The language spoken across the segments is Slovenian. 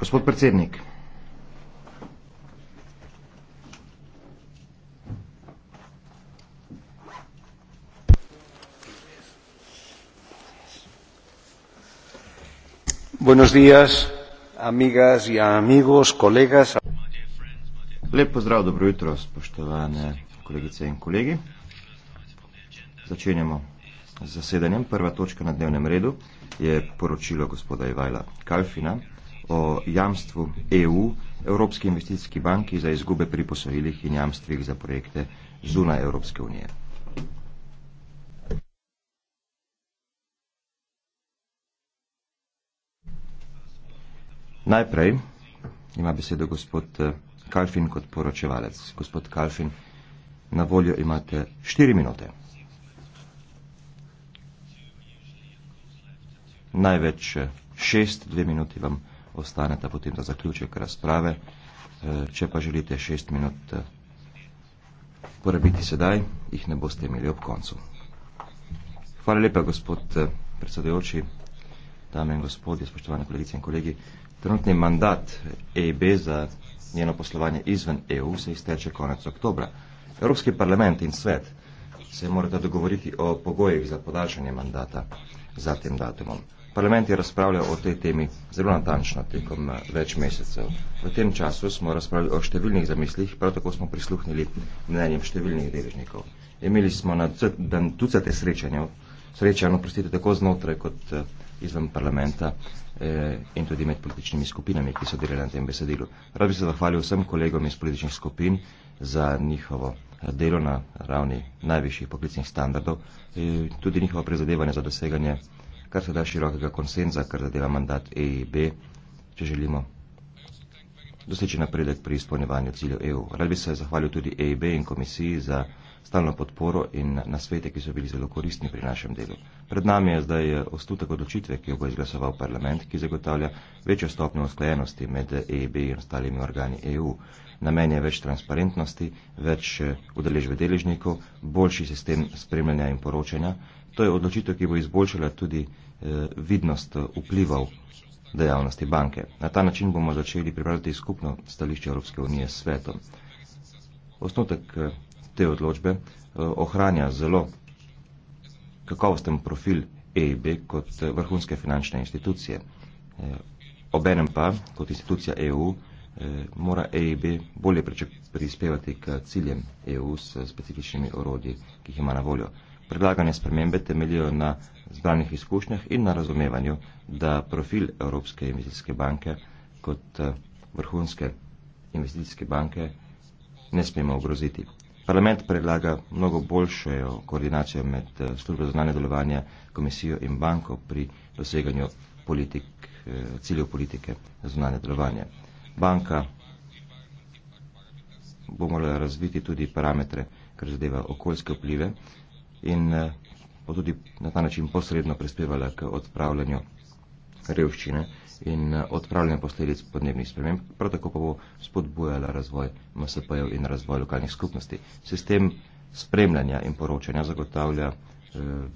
gospod predsednik lep pozdrav dobro jutro spoštovane kolegice in kolegi začenjamo zasedanjem. Prva točka na dnevnem redu je poročilo gospoda Ivajla Kalfina o jamstvu EU Evropski investicijski banki za izgube pri posojilih in jamstvih za projekte zunaj Evropske unije. Najprej ima besedo gospod eh, Kalfin kot poročevalec. Gospod Kalfin, na voljo imate štiri minute. največ eh, šest, dve minuti vam ostaneta potem za zaključek razprave. Eh, če pa želite šest minut eh, porabiti sedaj, jih ne boste imeli ob koncu. Hvala lepa, gospod predsedujoči, dame in gospodje, spoštovane kolegice in kolegi. Trenutni mandat EIB za njeno poslovanje izven EU se izteče konec oktobra. Evropski parlament in svet se morata dogovoriti o pogojih za podaljšanje mandata za tem datumom. Parlament je razpravljal o tej temi zelo natančno tekom eh, več mesecev. V tem času smo razpravljali o številnih zamislih, prav tako smo prisluhnili mnenjem številnih deležnikov. Imeli smo na tucate srečanja, srečanja, oprostite, tako znotraj kot eh, izven parlamenta eh, in tudi med političnimi skupinami, ki so delali na tem besedilu. Rad bi se zahvalil vsem kolegom iz političnih skupin za njihovo delo na ravni najvišjih poklicnih standardov in tudi njihovo prizadevanje za doseganje kar se da širokega konsenza, kar zadeva mandat EEB, če želimo doseči napredek pri izpolnjevanju ciljev EU. Rad bi se zahvalil tudi EIB in komisiji za stalno podporo in na svete, ki so bili zelo koristni pri našem delu. Pred nami je zdaj ostutek odločitve, ki jo bo izglasoval parlament, ki zagotavlja večjo stopnjo usklajenosti med EIB in ostalimi organi EU. Namen je več transparentnosti, več udeležbe deležnikov, boljši sistem spremljanja in poročanja, To je odločitev, ki bo izboljšala tudi eh, vidnost eh, vplivov dejavnosti banke. Na ta način bomo začeli pripravljati skupno stališče Evropske unije s svetom. Osnotek eh, te odločbe ohranja zelo kakovosten profil EIB kot vrhunske finančne institucije. Obenem pa, kot institucija EU, mora EIB bolje prispevati k ciljem EU s specifičnimi orodji, ki jih ima na voljo. Predlagane spremembe temeljijo na zbranih izkušnjah in na razumevanju, da profil Evropske investicijske banke kot eh, vrhunske investicijske banke ne smemo ogroziti. Parlament predlaga mnogo boljšo koordinacijo med eh, službo znanje delovanja komisijo in banko pri doseganju politik, eh, ciljev politike znanje delovanja. Banka bo morala razviti tudi parametre, kar zadeva okoljske vplive, in eh, bo tudi na ta način posredno prispevala k odpravljanju revščine in eh, odpravljanju posledic podnebnih sprememb, prav tako pa bo spodbujala razvoj MSP-jev in razvoj lokalnih skupnosti. Sistem spremljanja in poročanja zagotavlja eh,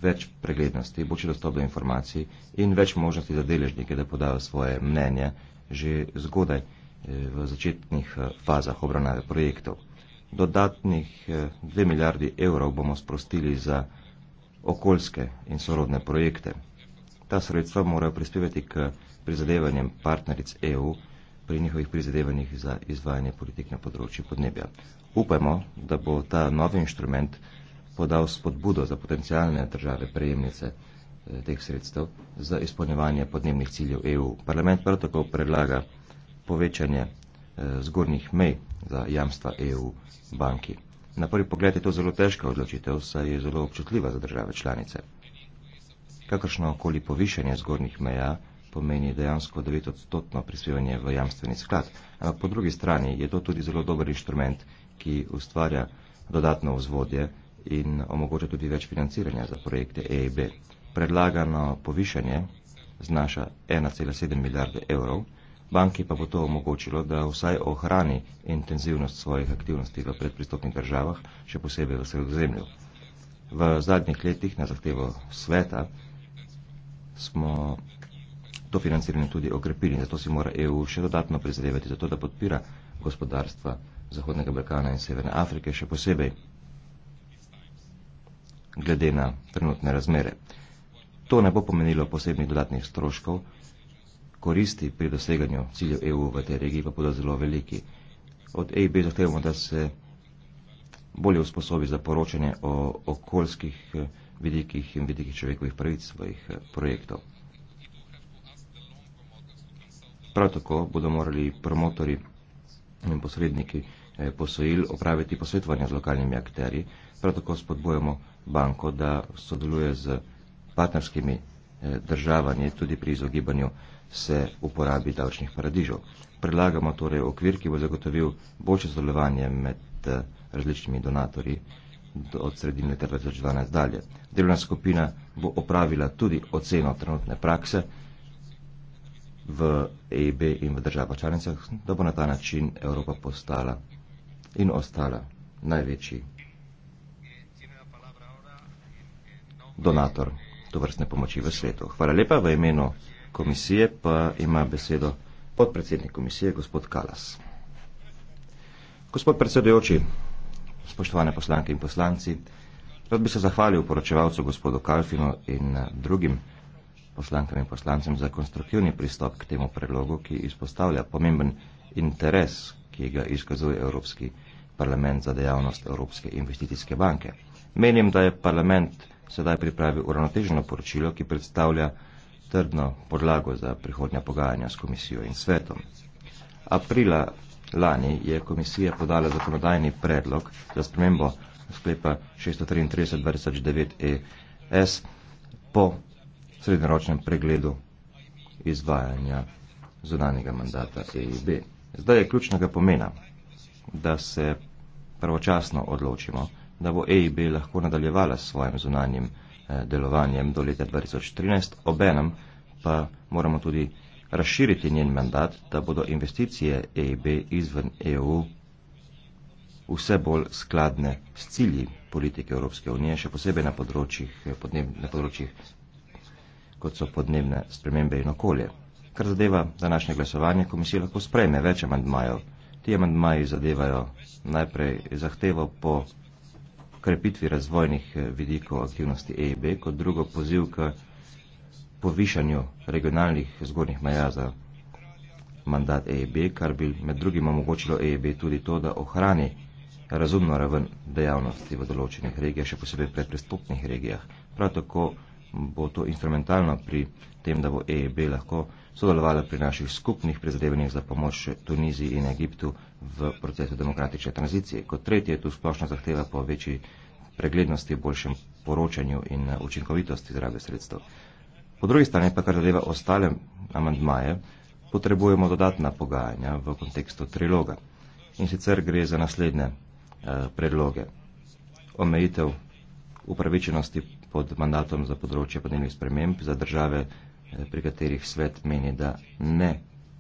več preglednosti, boljši dostop do informacij in več možnosti za deležnike, da podajo svoje mnenje že zgodaj v začetnih fazah obravnave projektov dodatnih 2 eh, milijardi evrov bomo sprostili za okoljske in sorodne projekte. Ta sredstva morajo prispevati k prizadevanjem partneric EU pri njihovih prizadevanjih za izvajanje politik na področju podnebja. Upajmo, da bo ta novi inštrument podal spodbudo za potencijalne države prejemnice eh, teh sredstev za izpolnjevanje podnebnih ciljev EU. Parlament prav tako predlaga povečanje Eh, zgornjih mej za jamstva EU banki. Na prvi pogled je to zelo težka odločitev, saj je zelo občutljiva za države članice. Kakršno okoli povišanje zgornjih meja pomeni dejansko 9-odstotno prispevanje v jamstveni sklad, ampak po drugi strani je to tudi zelo dober inštrument, ki ustvarja dodatno vzvodje in omogoča tudi več financiranja za projekte EIB. Predlagano povišanje znaša 1,7 milijarde evrov. Banki pa bo to omogočilo, da vsaj ohrani intenzivnost svojih aktivnosti v predpristopnih državah, še posebej v sredozemlju. V zadnjih letih na zahtevo sveta smo to financiranje tudi okrepili, zato si mora EU še dodatno prizadevati za to, da podpira gospodarstva Zahodnega Balkana in Severne Afrike, še posebej glede na trenutne razmere. To ne bo pomenilo posebnih dodatnih stroškov, koristi pri doseganju ciljev EU v tej regiji pa bodo zelo veliki. Od EIB zahtevamo, da se bolje usposobi za poročanje o okoljskih eh, vidikih in vidikih človekovih pravic svojih eh, projektov. Prav tako bodo morali promotori in posredniki eh, posojil opraviti posvetovanja z lokalnimi akterji. Prav tako spodbujamo banko, da sodeluje z partnerskimi državami tudi pri izogibanju se uporabi davčnih paradižov. Predlagamo torej okvir, ki bo zagotovil boljše sodelovanje med eh, različnimi donatorji od sredine 2012 dalje. Delovna skupina bo opravila tudi oceno trenutne prakse v EIB in v državah članicah, da bo na ta način Evropa postala in ostala največji donator to vrstne pomoči v svetu. Hvala lepa v imenu komisije, pa ima besedo podpredsednik komisije, gospod Kalas. Gospod predsedujoči, spoštovane poslanke in poslanci, rad bi se zahvalil poročevalcu gospodu Kalfinu in eh, drugim poslankam in poslancem za konstruktivni pristop k temu predlogu, ki izpostavlja pomemben interes, ki ga izkazuje Evropski parlament za dejavnost Evropske investicijske banke. Menim, da je parlament sedaj pripravi uravnoteženo poročilo, ki predstavlja trdno podlago za prihodnja pogajanja s komisijo in svetom. Aprila lani je komisija podala zakonodajni predlog za spremembo sklepa 633-2009-ES e po srednjeročnem pregledu izvajanja zunanjega mandata EIB. Zdaj je ključnega pomena, da se pravočasno odločimo, da bo EIB lahko nadaljevala s svojim zunanjim eh, delovanjem do leta 2013, obenem pa moramo tudi razširiti njen mandat, da bodo investicije EIB izven EU vse bolj skladne s cilji politike Evropske unije, še posebej na področjih, eh, podneb, na področjih kot so podnebne spremembe in okolje. Kar zadeva današnje glasovanje, komisija lahko sprejme več amandmajev. Ti amandmaji zadevajo najprej zahtevo po krepitvi razvojnih eh, vidikov aktivnosti EIB, kot drugo poziv k povišanju regionalnih zgornjih meja za mandat EIB, kar bi med drugim omogočilo EIB tudi to, da ohrani razumno raven dejavnosti v določenih regijah, še posebej pred prestopnih regijah. Prav tako bo to instrumentalno pri tem, da bo EIB lahko sodelovala pri naših skupnih prizadevanjih za pomoč Tuniziji in Egiptu v procesu demokratične tranzicije. Kot tretje je tu splošna zahteva po večji preglednosti, boljšem poročanju in eh, učinkovitosti zrave sredstev. Po drugi strani pa, kar zadeva ostale amandmaje, potrebujemo dodatna pogajanja v kontekstu triloga. In sicer gre za naslednje eh, predloge. Omejitev upravičenosti pod mandatom za področje podnebnih sprememb za države, eh, pri katerih svet meni, da ne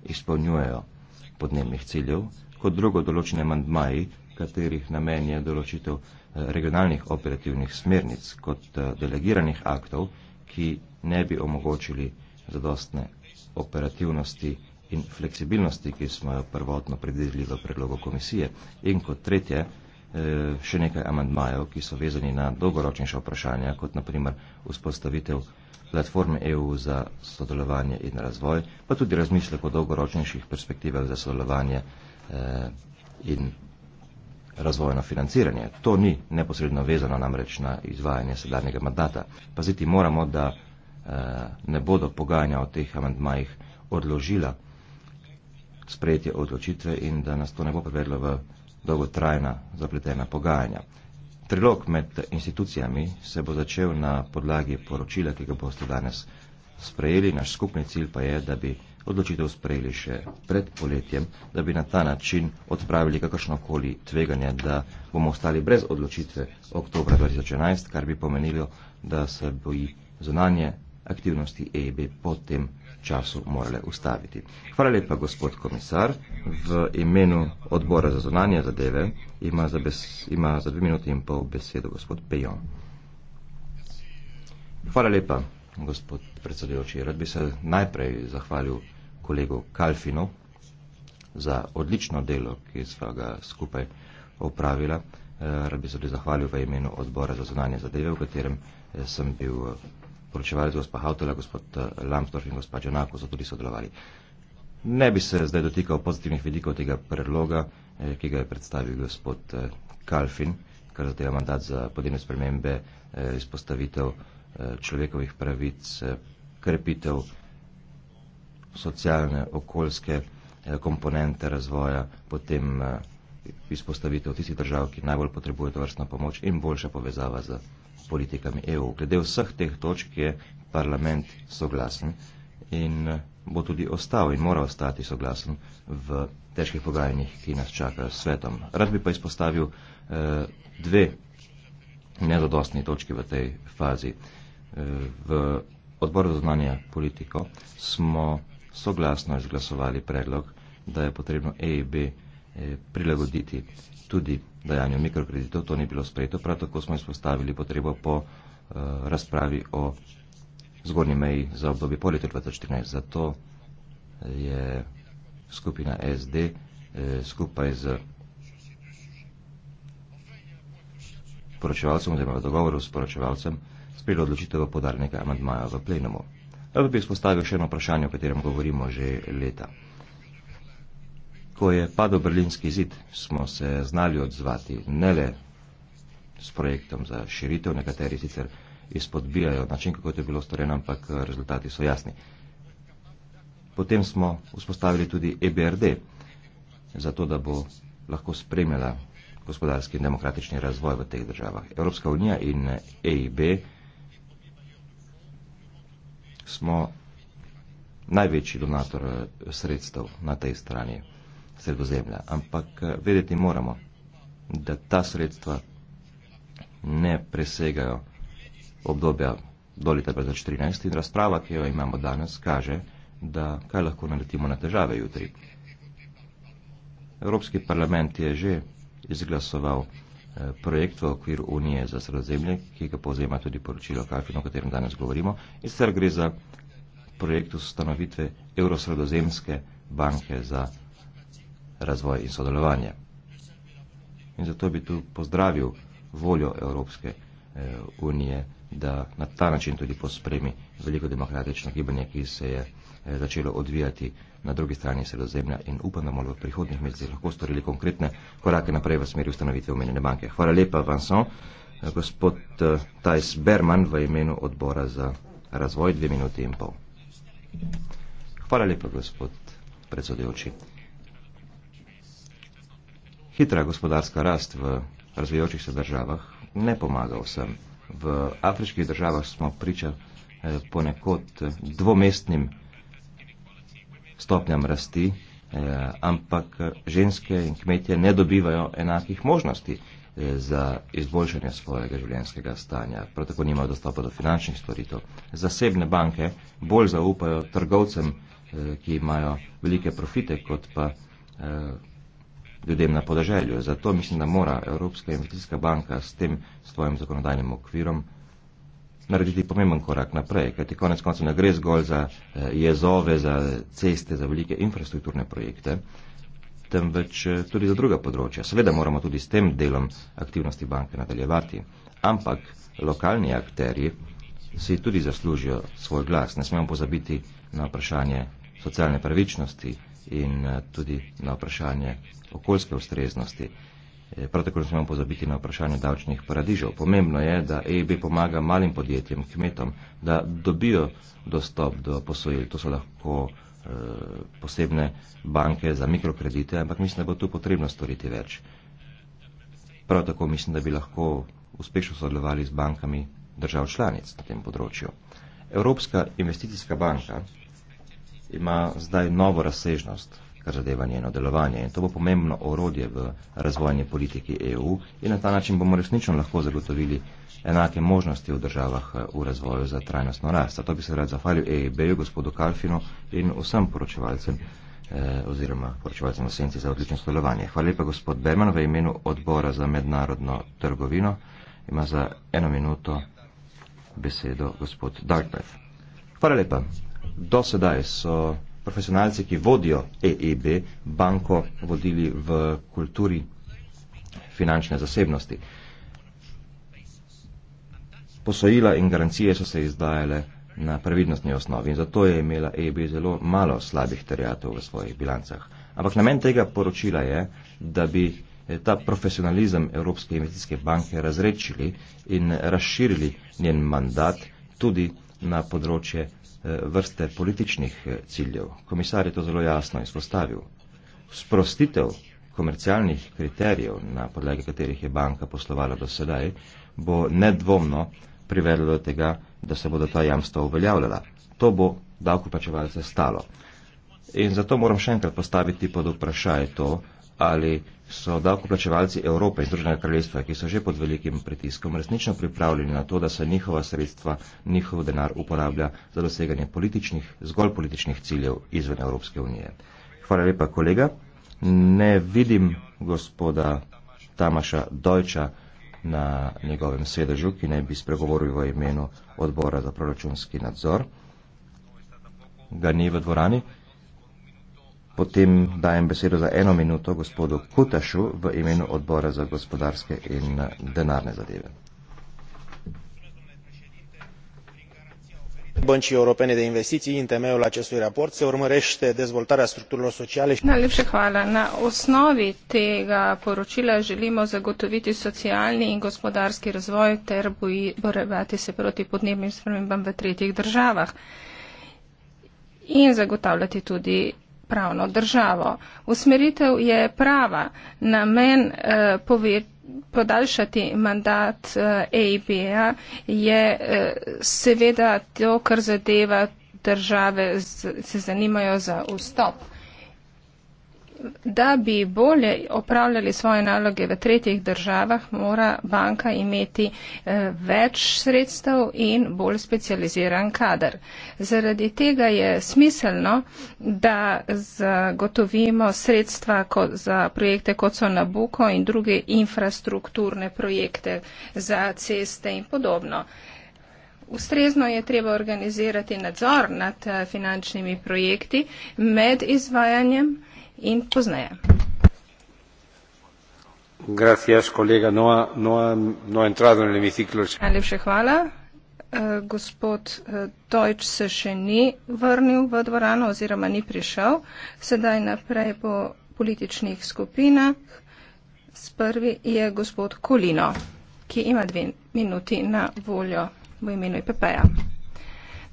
izpolnjujejo podnebnih ciljev kot drugo določene mandmaji, katerih namen je določitev eh, regionalnih operativnih smernic kot eh, delegiranih aktov, ki ne bi omogočili zadostne operativnosti in fleksibilnosti, ki smo jo prvotno predvideli v predlogu komisije. In kot tretje, eh, še nekaj amandmajev, ki so vezani na dolgoročnejša vprašanja, kot naprimer vzpostavitev platforme EU za sodelovanje in razvoj, pa tudi razmislek o dolgoročnejših perspektivah za sodelovanje Eh, in razvojno financiranje. To ni neposredno vezano namreč na izvajanje sedanjega mandata. Paziti moramo, da eh, ne bodo pogajanja o teh amandmajih odložila sprejetje odločitve in da nas to ne bo privedlo v dolgotrajna zapletena pogajanja. Trilog med institucijami se bo začel na podlagi poročila, ki ga boste danes sprejeli. Naš skupni cilj pa je, da bi odločitev sprejeli še pred poletjem, da bi na ta način odpravili kakršnokoli tveganje, da bomo ostali brez odločitve oktobra 2011, kar bi pomenilo, da se boji zunanje aktivnosti EIB e po tem času morale ustaviti. Hvala lepa, gospod komisar. V imenu odbora za zunanje zadeve ima za, bes, ima za dve minuti in pol besedo gospod Pejon. Hvala lepa, gospod predsedujoči. Rad bi se najprej zahvalil kolegu Kalfinu za odlično delo, ki sva ga skupaj opravila. Eh, rad bi se tudi zahvalil v imenu odbora za zunanje zadeve, v katerem eh, sem bil eh, poročevalec gospa Hautela, gospod Lambstorf in gospod Džonako so tudi sodelovali. Ne bi se zdaj dotikal pozitivnih vidikov tega predloga, ki ga je predstavil gospod Kalfin, kar zadeva mandat za podjene spremembe, izpostavitev človekovih pravic, krepitev socialne, okoljske eh, komponente razvoja, potem eh, izpostavitev tistih držav, ki najbolj potrebuje dovrstno pomoč in boljša povezava z politikami EU. Glede vseh teh točk je parlament soglasen in eh, bo tudi ostal in mora ostati soglasen v težkih pogajanjih, ki nas čakajo s svetom. Rad bi pa izpostavil eh, dve nezadostni točki v tej fazi. Eh, v odboru za znanje politiko smo soglasno izglasovali predlog, da je potrebno EIB eh, prilagoditi tudi dajanju mikrokreditov. To ni bilo sprejeto, prav tako smo izpostavili potrebo po eh, razpravi o zgornji meji za obdobje po letu 2014. Zato eh, je skupina SD skupaj z poročevalcem oziroma v dogovoru s poročevalcem sprejela odločitev o podarnega amandmaja v plenumu. Ja pa bi izpostavil še eno vprašanje, o katerem govorimo že leta. Ko je padel berlinski zid, smo se znali odzvati ne le s projektom za širitev, nekateri sicer izpodbijajo način, kako je bilo storjeno, ampak eh, rezultati so jasni. Potem smo vzpostavili tudi EBRD, zato da bo lahko spremljala gospodarski in demokratični razvoj v teh državah. Evropska unija in EIB. Eh, e smo največji donator eh, sredstev na tej strani sredozemlja. Ampak eh, vedeti moramo, da ta sredstva ne presegajo obdobja do leta 2014 in razprava, ki jo imamo danes, kaže, da kaj lahko naletimo na težave jutri. Evropski parlament je že izglasoval projekt v okviru Unije za sredozemlje, ki ga povzema tudi poročilo Kafi, o katerem danes govorimo. In sicer gre za projekt ustanovitve Evrosredozemske banke za razvoj in sodelovanje. In zato bi tu pozdravil voljo Evropske unije Eh, unije, da na ta način tudi pospremi veliko demokratično gibanje, ki se je eh, začelo odvijati na drugi strani sredozemlja in upam, da bomo v prihodnih mesecih lahko storili konkretne korake naprej v smeri ustanovitve omenjene banke. Hvala lepa, Vincent. Eh, gospod Tajs Berman v imenu odbora za razvoj dve minuti in pol. Hvala lepa, gospod predsodejoči. Hitra gospodarska rast v razvijajočih se državah ne pomaga vsem. V afriških državah smo priča eh, ponekod dvomestnim stopnjam rasti, eh, ampak eh, ženske in kmetje ne dobivajo enakih možnosti za izboljšanje svojega življenjskega stanja. Prav tako nimajo dostopa do finančnih storitev. Zasebne banke bolj zaupajo trgovcem, ki imajo velike profite, kot pa ljudem na podeželju. Zato mislim, da mora Evropska investicijska banka s tem svojim zakonodajnim okvirom narediti pomemben korak naprej, kajti konec koncev ne gre zgolj za eh, jezove, za ceste, za velike infrastrukturne projekte, temveč eh, tudi za druga področja. Seveda moramo tudi s tem delom aktivnosti banke nadaljevati, ampak lokalni akteri si tudi zaslužijo svoj glas. Ne smemo pozabiti na vprašanje socialne pravičnosti in eh, tudi na vprašanje okoljske ustreznosti. Eh, prav tako ne smemo pozabiti na vprašanje davčnih paradižev. Pomembno je, da EIB pomaga malim podjetjem, kmetom, da dobijo dostop do posojil. To so lahko e, posebne banke za mikrokredite, ampak mislim, da bo tu potrebno storiti več. Prav tako mislim, da bi lahko uspešno sodelovali z bankami držav članic na tem področju. Evropska investicijska banka ima zdaj novo razsežnost kar zadeva njeno delovanje. In to bo pomembno orodje v razvojni politiki EU in na ta način bomo resnično lahko zagotovili enake možnosti v državah eh, v razvoju za trajnostno rast. Zato bi se rad zahvalil EIB-ju, gospodu Kalfinu in vsem poročevalcem eh, oziroma poročevalcem v senci za odlično sodelovanje. Hvala lepa gospod Berman v imenu odbora za mednarodno trgovino. Ima za eno minuto besedo gospod Dartmouth. Hvala lepa. Do sedaj so profesionalci, ki vodijo EEB banko, vodili v kulturi finančne zasebnosti. Posojila in garancije so se izdajale na previdnostni osnovi in zato je imela EEB zelo malo slabih terjatov v svojih bilancah. Ampak namen tega poročila je, da bi eh, ta profesionalizem Evropske investicijske banke razrečili in razširili njen mandat tudi na področje Eh, vrste političnih eh, ciljev. Komisar je to zelo jasno izpostavil. Sprostitev komercialnih kriterijev, na podlagi katerih je banka poslovala do sedaj, bo nedvomno privedlo do tega, da se bodo ta jamstva uveljavljala. To bo davkoplačevalce stalo. In zato moram še enkrat postaviti pod vprašaj to, ali so davkoplačevalci Evrope in Združenega kraljestva, ki so že pod velikim pritiskom, resnično pripravljeni na to, da se njihova sredstva, njihov denar uporablja za doseganje političnih, zgolj političnih ciljev izven Evropske unije. Hvala lepa, kolega. Ne vidim gospoda Tamaša Dojča na njegovem sedežu, ki naj bi spregovoril v imenu odbora za proračunski nadzor. Ga ni v dvorani. Potem dajem besedo za eno minuto gospodu Kutašu v imenu odbora za gospodarske in denarne zadeve. Bănci Europene de Investiții, în temeiul acestui raport, se urmărește dezvoltarea structurilor sociale. Na lepše hvala. Na osnovi tega poročila želimo zagotoviti socialni in gospodarski razvoj ter borevati se proti podnebnim spremembam v tretjih državah in zagotavljati tudi pravno državo. Usmeritev je prava, namen eh, pove, podaljšati mandat EIB-a eh, je eh, seveda to, kar zadeva države, z, se zanimajo za vstop. Da bi bolje opravljali svoje naloge v tretjih državah, mora banka imeti eh, več sredstev in bolj specializiran kader. Zaradi tega je smiselno, da zagotovimo sredstva za projekte, kot so Nabuko in druge infrastrukturne projekte za ceste in podobno. Ustrezno je treba organizirati nadzor nad eh, finančnimi projekti med izvajanjem in pozneje. Gracias, kolega. No, no, no entrado en el hemiciclo. Najlepše hvala. Eh, gospod eh, Deutsch se še ni vrnil v dvorano oziroma ni prišel. Sedaj naprej po političnih skupinah. S prvi je gospod Kolino, ki ima dve minuti na voljo v imenu IPP-ja. E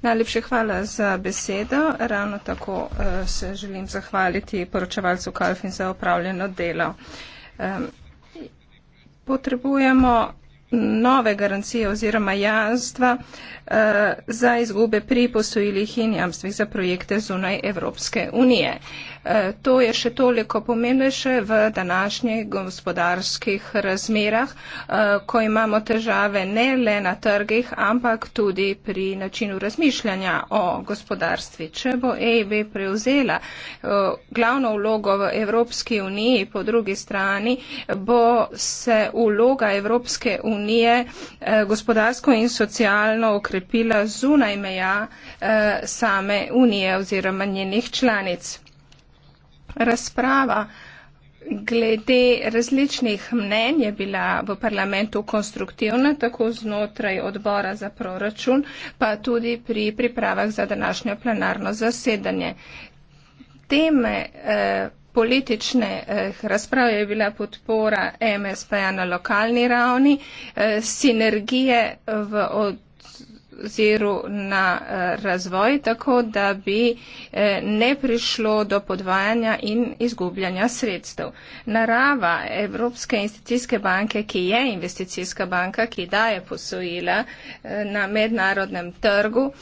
Najlepša hvala za besedo. Ravno tako uh, se želim zahvaliti poročevalcu Kalfin za upravljeno delo. Um, potrebujemo nove garancije oziroma jamstva uh, za izgube pri posojilih in jamstvih za projekte zunaj Evropske unije. Uh, To je še toliko pomembnejše v današnjih gospodarskih razmerah, eh, ko imamo težave ne le na trgih, ampak tudi pri načinu razmišljanja o gospodarstvi. Če bo EIB prevzela eh, glavno vlogo v Evropski uniji, po drugi strani bo se vloga Evropske unije eh, gospodarsko in socialno okrepila zunaj meja same unije oziroma njenih članic razprava glede različnih mnenj je bila v parlamentu konstruktivna, tako znotraj odbora za proračun, pa tudi pri pripravah za današnjo plenarno zasedanje. Teme eh, politične eh, razprave je bila podpora MSP-ja na lokalni ravni, eh, sinergije v od oziru na eh, razvoj, tako da bi eh, ne prišlo do podvajanja in izgubljanja sredstev. Narava Evropske investicijske banke, ki je investicijska banka, ki daje posojila eh, na mednarodnem trgu,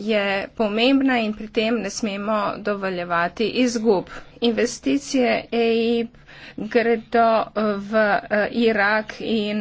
je pomembna in pri tem ne smemo dovoljevati izgub. Investicije EIB gredo v Irak in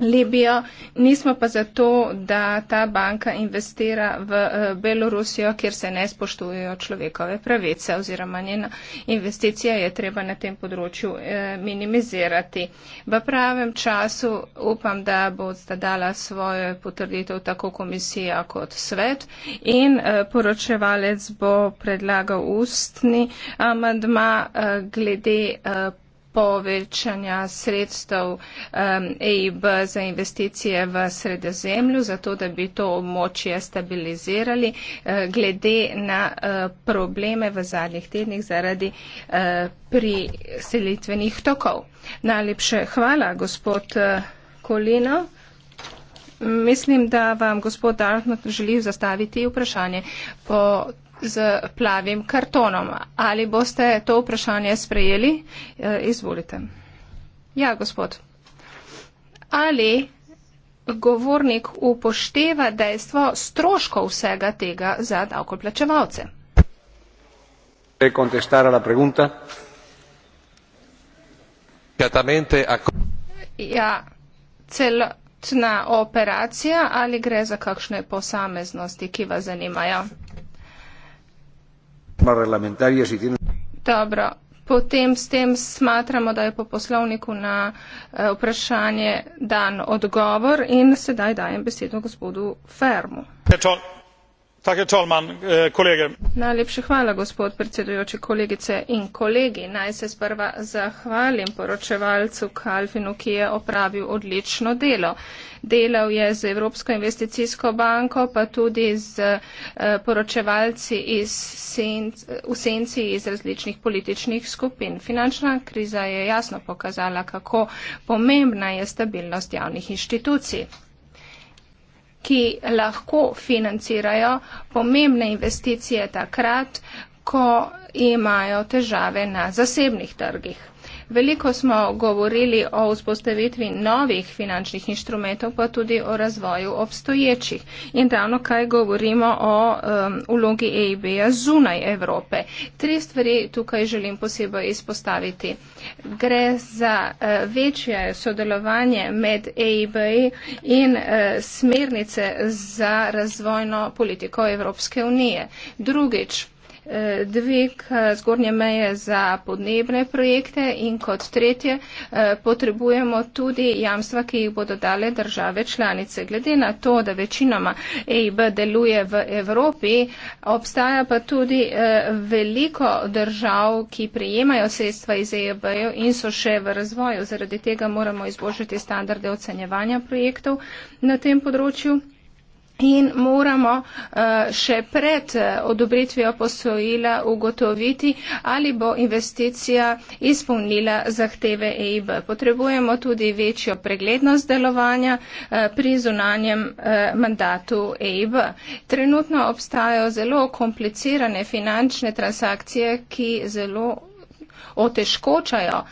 Libijo, nismo pa zato, da ta banka investira v eh, Belorusijo, kjer se ne spoštujejo človekove pravice oziroma njena investicija je treba na tem področju eh, minimizirati. V pravem času upam, da bo dala svojo potrditev tako komisija kot svet in eh, poročevalec bo predlagal ustni amandma glede povečanja sredstev um, EIB za investicije v sredozemlju, zato da bi to območje stabilizirali, uh, glede na uh, probleme v zadnjih tednih zaradi uh, priselitvenih tokov. Najlepše hvala, gospod uh, Kolino. Mislim, da vam gospod Darknot želi zastaviti vprašanje po z plavim kartonom. Ali boste to vprašanje sprejeli? E, izvolite. Ja, gospod. Ali govornik upošteva dejstvo stroškov vsega tega za davkoplačevalce? E ja, celotna operacija ali gre za kakšne posameznosti, ki vas zanimajo? parlamentarje si tiene. Dobro, potem s tem smatramo, da je po poslovniku na eh, vprašanje dan odgovor in sedaj dajem besedo gospodu Fermu. Petol. Eh, najlepša hvala gospod predsedujoči kolegice in kolegi naj se sprva zahvalim poročevalcu kalfinu ki je opravil odlično delo delal je z evropsko investicijsko banko pa tudi z eh, poročevalci iz sen, v senci iz različnih političnih skupin finančna kriza je jasno pokazala kako pomembna je stabilnost javnih inštitucij ki lahko financirajo pomembne investicije takrat, ko imajo težave na zasebnih trgih. Veliko smo govorili o vzpostavitvi novih finančnih inštrumentov, pa tudi o razvoju obstoječih. In ravno kaj govorimo o um, ulogi EIB-ja zunaj Evrope. Tri stvari tukaj želim posebej izpostaviti. Gre za uh, večje sodelovanje med EIB in uh, smernice za razvojno politiko Evropske unije. Drugič, Eh, dvig eh, zgornje meje za podnebne projekte in kot tretje eh, potrebujemo tudi jamstva, ki jih bodo dale države članice. Glede na to, da večinoma EIB deluje v Evropi, obstaja pa tudi veliko držav, ki prijemajo sredstva iz EIB-jo in so še v razvoju. Zaradi tega moramo izboljšati standarde ocenjevanja projektov na tem področju. In moramo eh, še pred eh, odobritvijo posojila ugotoviti, ali bo investicija izpolnila zahteve EIB. Potrebujemo tudi večjo preglednost delovanja eh, pri zunanjem mandatu EIB. Trenutno obstajajo zelo komplicirane finančne transakcije, ki zelo otežkočajo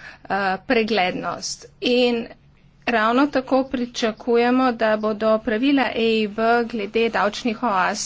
preglednost. In Ravno tako pričakujemo, da bodo pravila EIV glede davčnih oas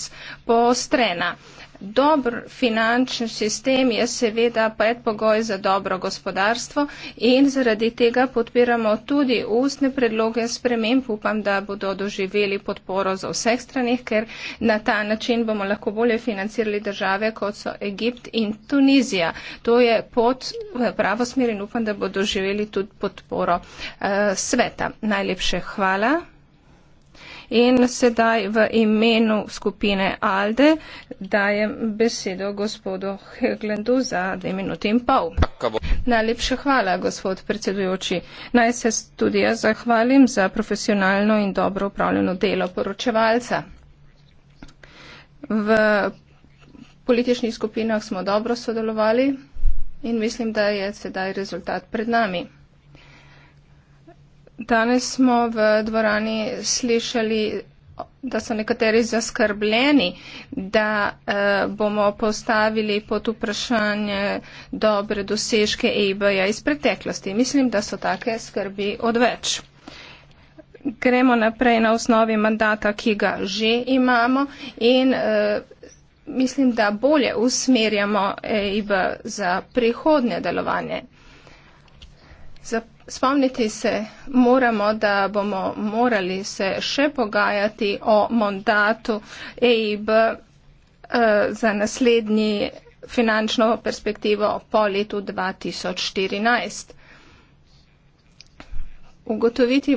poostrena. Dobr finančni sistem je seveda predpogoj za dobro gospodarstvo in zaradi tega podpiramo tudi ustne predloge sprememb. Upam, da bodo doživeli podporo za vseh stranih, ker na ta način bomo lahko bolje financirali države, kot so Egipt in Tunizija. To je pot v pravo smer in upam, da bodo doživeli tudi podporo uh, sveta. Najlepše hvala. In sedaj v imenu skupine Alde dajem besedo gospodu Heglendu za dve minuti in pol. Najlepša hvala, gospod predsedujoči. Naj se tudi jaz zahvalim za profesionalno in dobro upravljeno delo poročevalca. V političnih skupinah smo dobro sodelovali in mislim, da je sedaj rezultat pred nami. Danes smo v dvorani slišali, da so nekateri zaskrbljeni, da eh, bomo postavili pod vprašanje dobre dosežke EIB-ja iz preteklosti. Mislim, da so take skrbi odveč. Gremo naprej na osnovi mandata, ki ga že imamo in eh, mislim, da bolje usmerjamo EIB za prihodnje delovanje. Za Spomniti se moramo, da bomo morali se še pogajati o mandatu EIB eh, za naslednji finančno perspektivo po letu 2014 ugotoviti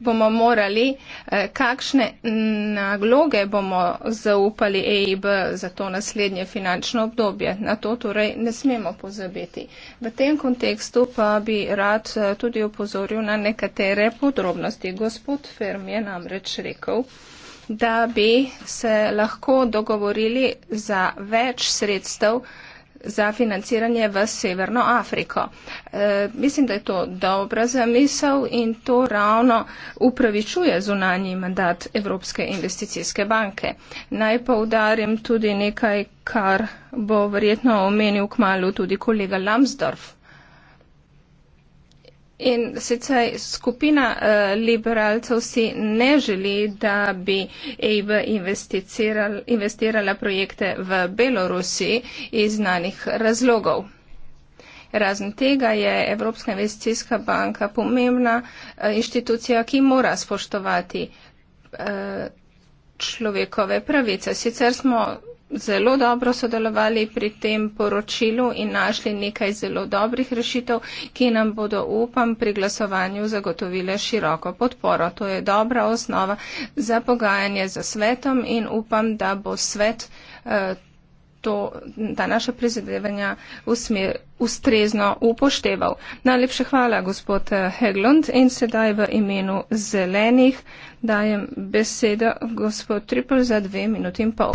bomo morali, eh, kakšne nagloge bomo zaupali EIB za to naslednje finančno obdobje. Na to torej ne smemo pozabiti. V tem kontekstu pa bi rad eh, tudi upozoril na nekatere podrobnosti. Gospod Ferm je namreč rekel, da bi se lahko dogovorili za več sredstev, za financiranje v Severno Afriko. E, mislim, da je to dobra zamisel in to ravno upravičuje zunanji mandat Evropske investicijske banke. Naj poudarim tudi nekaj, kar bo verjetno omenil kmalo tudi kolega Lambsdorff. In sicer skupina uh, liberalcev si ne želi, da bi EIB investirala projekte v Belorusiji iz znanih razlogov. Razen tega je Evropska investicijska banka pomembna uh, inštitucija, ki mora spoštovati uh, človekove pravice. Sicer smo zelo dobro sodelovali pri tem poročilu in našli nekaj zelo dobrih rešitev, ki nam bodo, upam, pri glasovanju zagotovile široko podporo. To je dobra osnova za pogajanje za svetom in upam, da bo svet eh, to, da naše prizadevanja usmer, ustrezno upošteval. Najlepše hvala, gospod eh, Heglund, in sedaj v imenu zelenih dajem besedo gospod Tripl za dve minuti in pol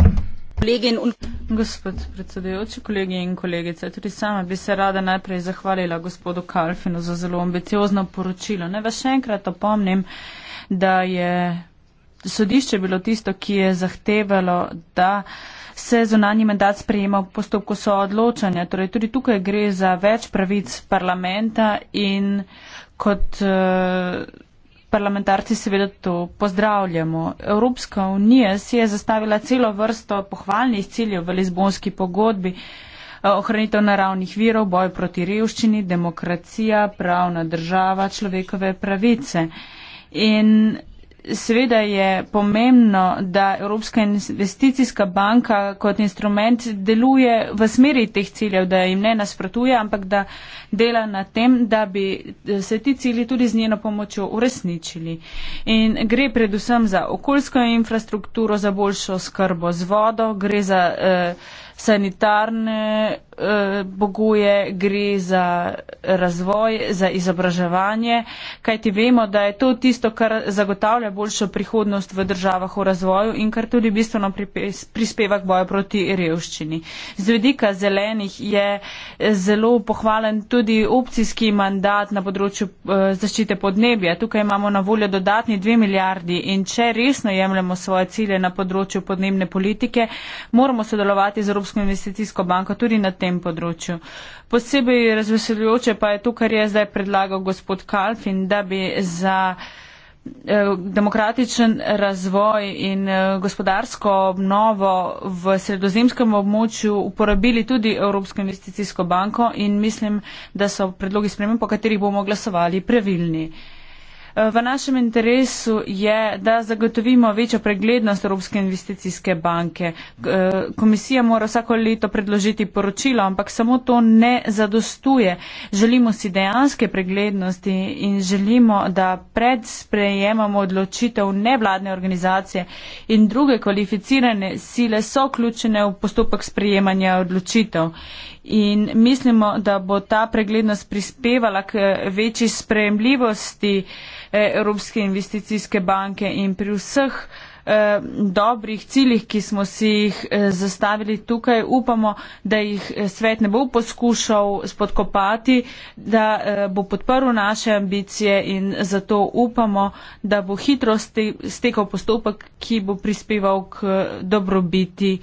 kolegi in kolegice. Gospod predsedujoči, kolegi in kolegice, tudi sama bi se rada najprej zahvalila gospodu Kalfinu za zelo ambiciozno poročilo. Naj vas še enkrat opomnim, da je sodišče bilo tisto, ki je zahtevalo, da se zunanji mandat sprejema v postopku soodločanja. Torej tudi tukaj gre za več pravic parlamenta in kot. Uh, parlamentarci seveda to pozdravljamo. Evropska unija si je zastavila celo vrsto pohvalnih ciljev v Lizbonski pogodbi. Eh, ohranitev naravnih virov, boj proti revščini, demokracija, pravna država, človekove pravice. In Seveda je pomembno, da Evropska investicijska banka kot instrument deluje v smeri teh ciljev, da jim ne nasprotuje, ampak da dela na tem, da bi se ti cilji tudi z njeno pomočjo uresničili. In gre predvsem za okoljsko infrastrukturo, za boljšo skrbo z vodo, gre za. Eh, sanitarne eh, boguje, gre za razvoj, za izobraževanje, kajti vemo, da je to tisto, kar zagotavlja boljšo prihodnost v državah v razvoju in kar tudi bistveno prispeva k boju proti revščini. Z vedika zelenih je eh, zelo pohvalen tudi opcijski mandat na področju eh, zaščite podnebja. Tukaj imamo na voljo dodatni dve milijardi in če resno jemljemo svoje cilje na področju podnebne politike, moramo sodelovati z Evropsko Evropsko investicijsko banko tudi na tem področju. Posebej razveseljujoče pa je to, kar je zdaj predlagal gospod Kalfin, da bi za eh, demokratičen razvoj in eh, gospodarsko obnovo v sredozemskem območju uporabili tudi Evropsko investicijsko banko in mislim, da so predlogi spremen, po katerih bomo glasovali, pravilni. V našem interesu je, da zagotovimo večjo preglednost Evropske investicijske banke. Eh, komisija mora vsako leto predložiti poročilo, ampak samo to ne zadostuje. Želimo si dejanske preglednosti in želimo, da pred sprejemamo odločitev nevladne organizacije in druge kvalificirane sile so vključene v postopek sprejemanja odločitev in mislimo, da bo ta preglednost prispevala k eh, večji sprejemljivosti eh, Evropske investicijske banke in pri vseh eh, dobrih ciljih, ki smo si jih zastavili tukaj, upamo, da jih svet ne bo poskušal spodkopati, da bo podprl naše ambicije in zato upamo, da bo hitro stekal postopek, ki bo prispeval k dobrobiti.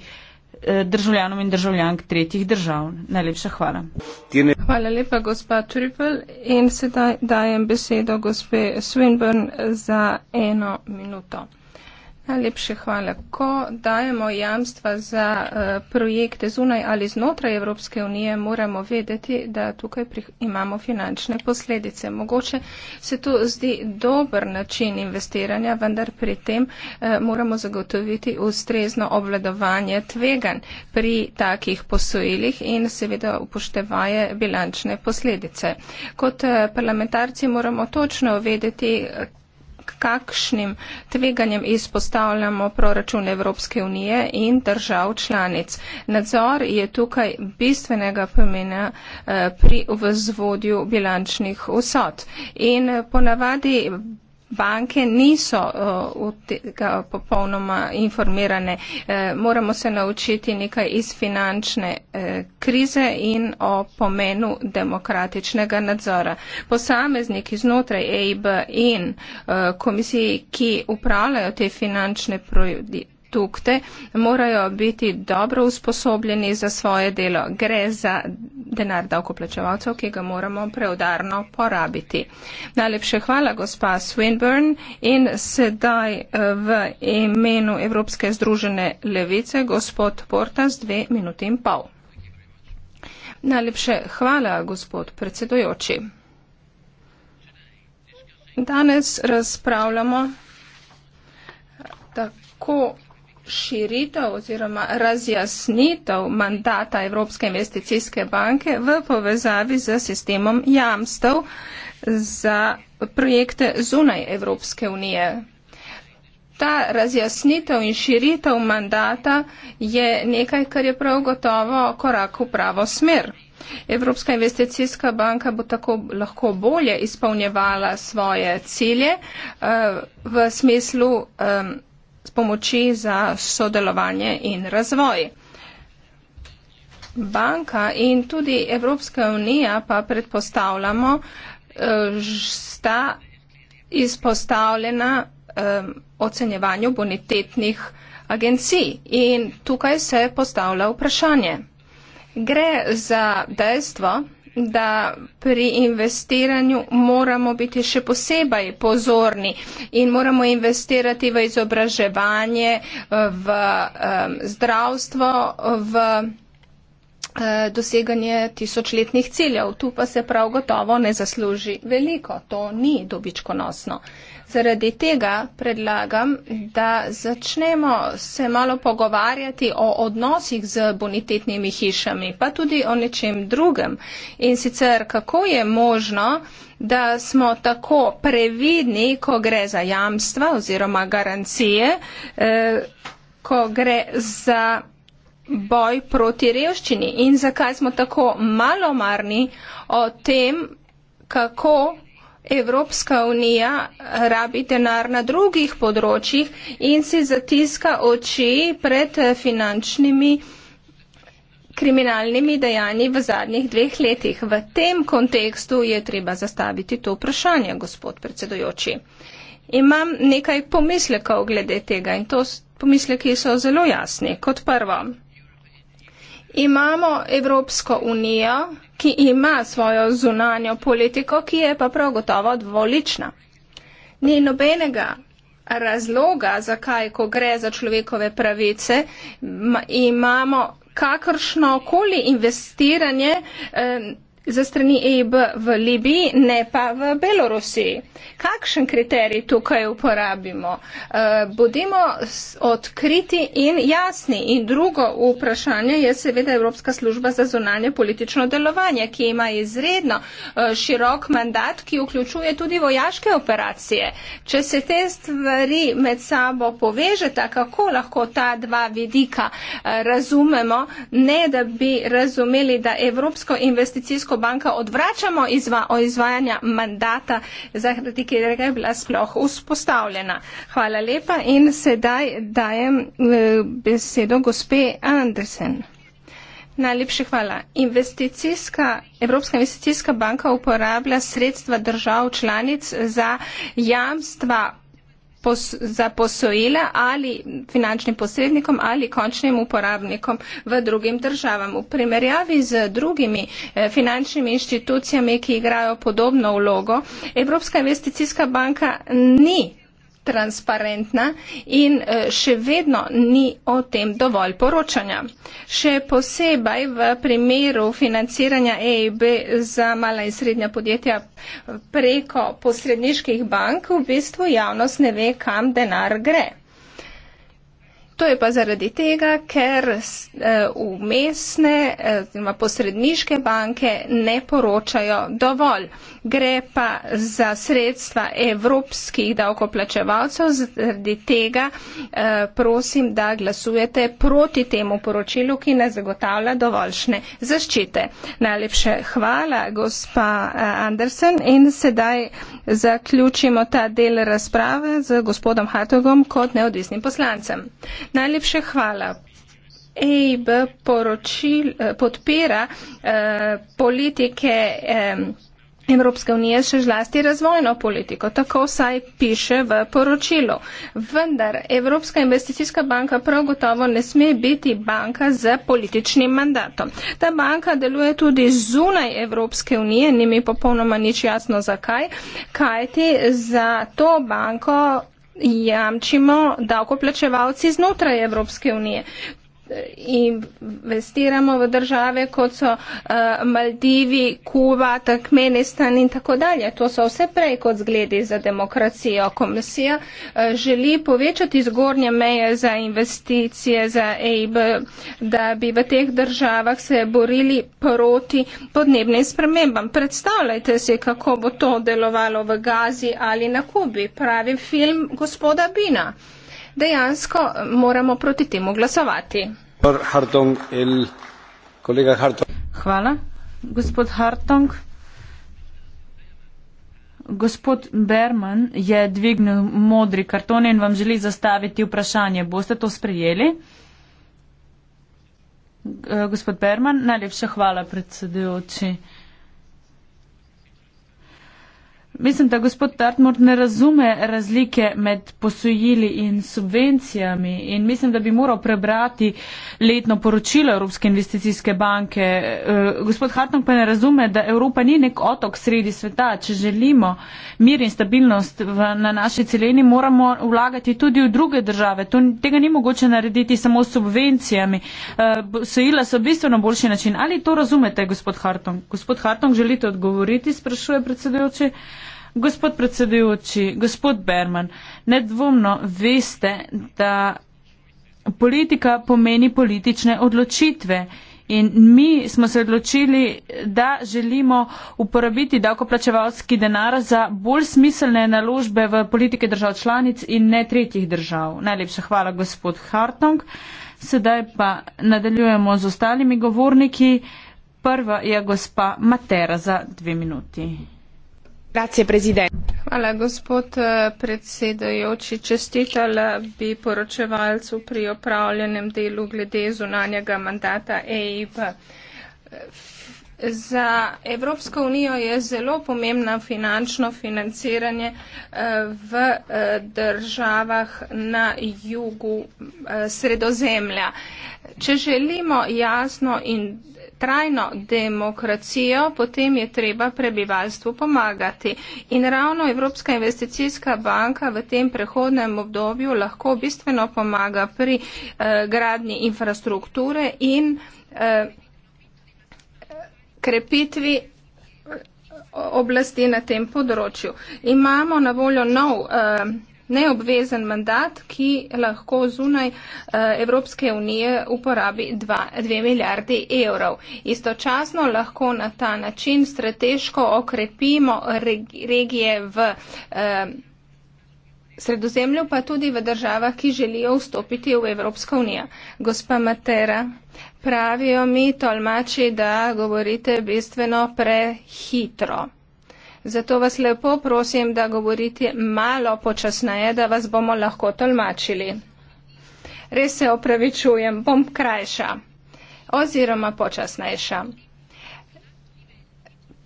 Eh, državljanom in državljank tretjih držav. Najlepša hvala. Hvala lepa, gospa Tripel. In sedaj dajem besedo gospe Swinburne za eno minuto. Najlepše hvala. Ko dajemo jamstva za uh, projekte zunaj ali znotraj Evropske unije, moramo vedeti, da tukaj imamo finančne posledice. Mogoče se to zdi dober način investiranja, vendar pri tem uh, moramo zagotoviti ustrezno obvladovanje tvegan pri takih posojilih in seveda upoštevaje bilančne posledice. Kot uh, parlamentarci moramo točno vedeti, uh, ampak kakšnim tveganjem izpostavljamo proračun Evropske unije in držav članic. Nadzor je tukaj bistvenega pomena eh, pri vzvodju bilančnih vsot. In ponavadi banke niso uh, tega popolnoma informirane. Uh, moramo se naučiti nekaj iz finančne uh, krize in o pomenu demokratičnega nadzora. Posamezniki znotraj EIB in uh, komisiji, ki upravljajo te finančne projekte, produkte, morajo biti dobro usposobljeni za svoje delo. Gre za denar davkoplačevalcev, ki ga moramo preudarno porabiti. Najlepše hvala, gospa Swinburne. In sedaj eh, v imenu Evropske združene levice, gospod Portas, dve minuti in pol. Najlepše hvala, gospod predsedojoči. Danes razpravljamo tako širitev oziroma razjasnitev mandata Evropske investicijske banke v povezavi z sistemom jamstev za projekte zunaj Evropske unije. Ta razjasnitev in širitev mandata je nekaj, kar je prav gotovo korak v pravo smer. Evropska investicijska banka bo tako lahko bolje izpolnjevala svoje cilje uh, v smislu um, s pomoči za sodelovanje in razvoj. Banka in tudi Evropska unija pa predpostavljamo, eh, sta izpostavljena eh, ocenjevanju bonitetnih agencij in tukaj se postavlja vprašanje. Gre za dejstvo, da pri investiranju moramo biti še posebej pozorni in moramo investirati v izobraževanje, v zdravstvo, v eh, doseganje tisočletnih ciljev. Tu pa se prav gotovo ne zasluži veliko, to ni dobičkonosno. Zaradi tega predlagam, da začnemo se malo pogovarjati o odnosih z bonitetnimi hišami, pa tudi o nečem drugem. In sicer, kako je možno, da smo tako previdni, ko gre za jamstva oziroma garancije, eh, ko gre za boj proti revščini in zakaj smo tako malomarni o tem, kako Evropska unija rabi denar na drugih področjih in si zatiska oči pred finančnimi kriminalnimi dejanji v zadnjih dveh letih. V tem kontekstu je treba zastaviti to vprašanje, gospod predsedujoči. Imam nekaj pomislekov glede tega in to pomisleki so zelo jasni. Kot prvo, imamo Evropsko unijo, ki ima svojo zunanjo politiko, ki je pa prav gotovo dvolična. Ni nobenega razloga, zakaj, ko gre za človekove pravice, imamo kakršno koli investiranje. Eh, za strani EIB v Libiji, ne pa v Belorusiji. Kakšen kriterij tukaj uporabimo? E, bodimo odkriti in jasni. In drugo vprašanje je seveda Evropska služba za zunanje politično delovanje, ki ima izredno e, širok mandat, ki vključuje tudi vojaške operacije. Če se te stvari med sabo povežeta, kako lahko ta dva vidika e, razumemo, ne da bi razumeli, da Evropsko investicijsko Slovensko banko odvračamo izva, od izvajanja mandata, zaradi katerega je bila sploh vzpostavljena. Hvala lepa in sedaj dajem eh, besedo gospe Andersen. Najlepše hvala. Investicijska, Evropska investicijska banka uporablja sredstva držav članic za jamstva pos, za posojila ali finančnim posrednikom ali končnim uporabnikom v drugim državam. V primerjavi z drugimi eh, finančnimi inštitucijami, ki igrajo podobno vlogo, Evropska investicijska banka ni transparentna in eh, še vedno ni o tem dovolj poročanja. Še posebej v primeru financiranja EIB za mala in srednja podjetja preko posredniških bank v bistvu javnost ne ve, kam denar gre. To je pa zaradi tega, ker umestne, eh, eh, oziroma posredniške banke ne poročajo dovolj. Gre pa za sredstva evropskih davkoplačevalcev, zaradi tega eh, prosim, da glasujete proti temu poročilu, ki ne zagotavlja dovoljšne zaščite. Najlepše hvala, gospa Andersen. In sedaj zaključimo ta del razprave z gospodom Hartogom kot neodvisnim poslancem. Najlepša hvala. EIB poročil, eh, podpira eh, politike eh, Evropske unije, še zlasti razvojno politiko. Tako saj piše v poročilu. Vendar Evropska investicijska banka prav gotovo ne sme biti banka z političnim mandatom. Ta banka deluje tudi zunaj Evropske unije, ni mi popolnoma nič jasno zakaj, kajti za to banko jamčimo davkoplačevalci znotraj Evropske unije investiramo v države, kot so uh, Maldivi, Kuba, Takmenistan in tako dalje. To so vse prej kot zgledi za demokracijo. Komisija uh, želi povečati zgornje meje za investicije, za EIB, da bi v teh državah se borili proti podnebnim spremembam. Predstavljajte si, kako bo to delovalo v Gazi ali na Kubi. Pravi film gospoda Bina dejansko moramo proti temu glasovati. Hvala. Gospod Hartong. Gospod Berman je dvignil modri karton in vam želi zastaviti vprašanje. Boste to sprejeli? Gospod Berman, najlepša hvala predsedujoči. Mislim, da gospod Tartmort ne razume razlike med posojili in subvencijami in mislim, da bi moral prebrati letno poročilo Evropske investicijske banke. Eh, gospod Hartmort pa ne razume, da Evropa ni nek otok sredi sveta. Če želimo mir in stabilnost v, na naši celini, moramo vlagati tudi v druge države. To, tega ni mogoče narediti samo s subvencijami. Eh, posojila so bistveno boljši način. Ali to razumete, gospod Hartmort? Gospod Hartmort, želite odgovoriti, sprašuje predsedujoči. Gospod predsedujoči, gospod Berman, nedvomno veste, da politika pomeni politične odločitve. In mi smo se odločili, da želimo uporabiti davkoplačevalski denar za bolj smiselne naložbe v politike držav članic in ne tretjih držav. Najlepša hvala, gospod Hartong. Sedaj pa nadaljujemo z ostalimi govorniki. Prva je gospa Matera za dve minuti. Hvala, gospod eh, predsedajoči. Čestitala bi poročevalcu pri opravljenem delu glede zunanjega mandata EIB. Za Evropsko unijo je zelo pomembno finančno financiranje eh, v eh, državah na jugu sredozemlja. Če želimo jasno in trajno demokracijo, potem je treba prebivalstvu pomagati. In ravno Evropska investicijska banka v tem prehodnem obdobju lahko bistveno pomaga pri eh, gradni infrastrukture in eh, krepitvi eh, oblasti na tem področju. Imamo na voljo nov. Eh, neobvezen mandat, ki lahko zunaj eh, Evropske unije uporabi 2 milijardi evrov. Istočasno lahko na ta način strateško okrepimo regije v eh, sredozemlju, pa tudi v državah, ki želijo vstopiti v Evropsko unijo. Gospa Matera, pravijo mi tolmači, da govorite bistveno prehitro. Zato vas lepo prosim, da govorite malo počasneje, da vas bomo lahko tolmačili. Res se opravičujem, bom krajša oziroma počasnejša.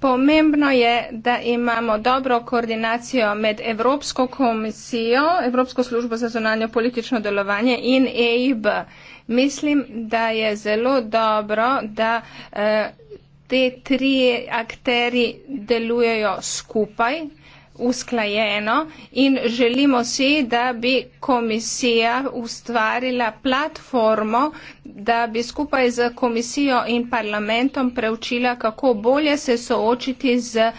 Pomembno je, da imamo dobro koordinacijo med Evropsko komisijo, Evropsko službo za zonanje politično delovanje in EIB. Mislim, da je zelo dobro, da. Eh, te tri akteri delujejo skupaj, usklajeno in želimo si, da bi komisija ustvarila platformo, da bi skupaj z komisijo in parlamentom preučila, kako bolje se soočiti z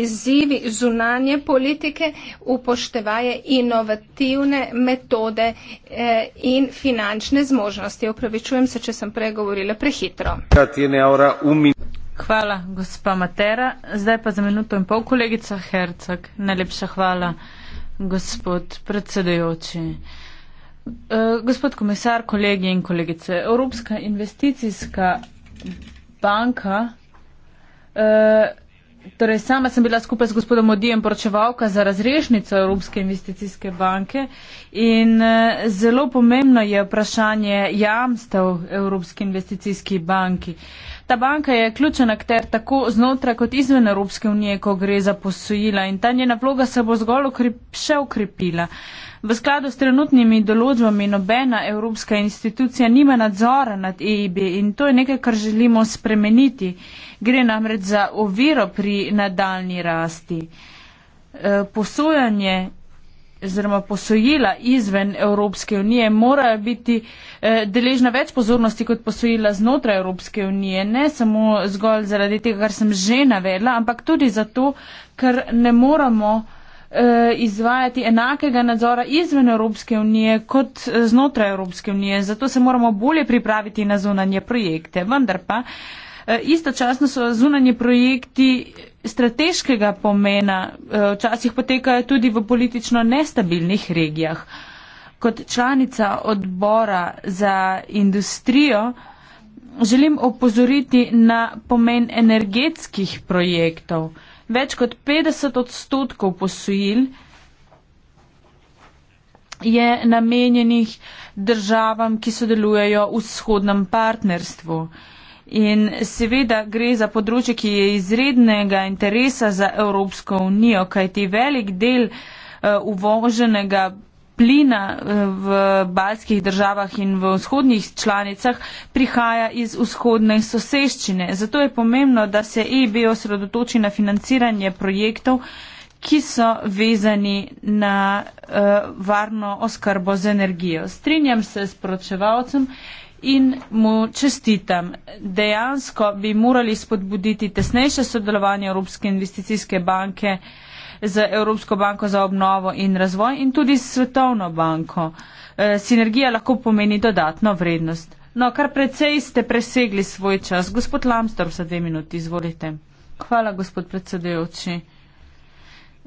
izzivi zunanje politike, upoštevaje inovativne metode eh, in finančne zmožnosti. Opravičujem se, če sem pregovorila prehitro. Hvala, gospa Matera. Zdaj pa za minuto in pol, kolegica Herceg. Najlepša hvala, gospod predsedujoči. Uh, gospod komisar, kolegi in kolegice, Evropska investicijska banka, uh, torej sama sem bila skupaj s gospodom Odijem poročevalka za razrešnico Evropske investicijske banke in uh, zelo pomembno je vprašanje jamstev Evropske investicijske banke. Uh, Ta banka je ključen akter tako znotraj kot izven Evropske unije, ko gre za posojila in ta njena vloga se bo zgolj ukrep, še ukrepila. V skladu s trenutnimi določbami nobena evropska institucija nima nadzora nad EIB in to je nekaj, kar želimo spremeniti. Gre namreč za oviro pri nadaljni rasti. Eh, posojanje oziroma posojila izven Evropske unije morajo biti eh, deležna več pozornosti kot posojila znotraj Evropske unije. Ne samo zgolj zaradi tega, kar sem že navedla, ampak tudi zato, ker ne moramo eh, izvajati enakega nadzora izven Evropske unije kot eh, znotraj Evropske unije. Zato se moramo bolje pripraviti na zunanje projekte. Vendar pa. Eh, Eh, istočasno so zunanje projekti strateškega pomena, eh, včasih potekajo tudi v politično nestabilnih regijah. Kot članica odbora za industrijo želim opozoriti na pomen energetskih projektov. Več kot 50 odstotkov posojil je namenjenih državam, ki sodelujejo v shodnem partnerstvu. In seveda gre za področje, ki je izrednega interesa za Evropsko unijo, kajti velik del eh, uvoženega plina eh, v balskih državah in v vzhodnih članicah prihaja iz vzhodne soseščine. Zato je pomembno, da se EIB osredotoči na financiranje projektov, ki so vezani na uh, varno oskrbo z energijo. Strinjam se s poročevalcem, in mu čestitam. Dejansko bi morali spodbuditi tesnejše sodelovanje Evropske investicijske banke z Evropsko banko za obnovo in razvoj in tudi s Svetovno banko. E, sinergija lahko pomeni dodatno vrednost. No, kar precej ste presegli svoj čas. Gospod Lamstor, za dve minuti, izvolite. Hvala, gospod predsedujoči.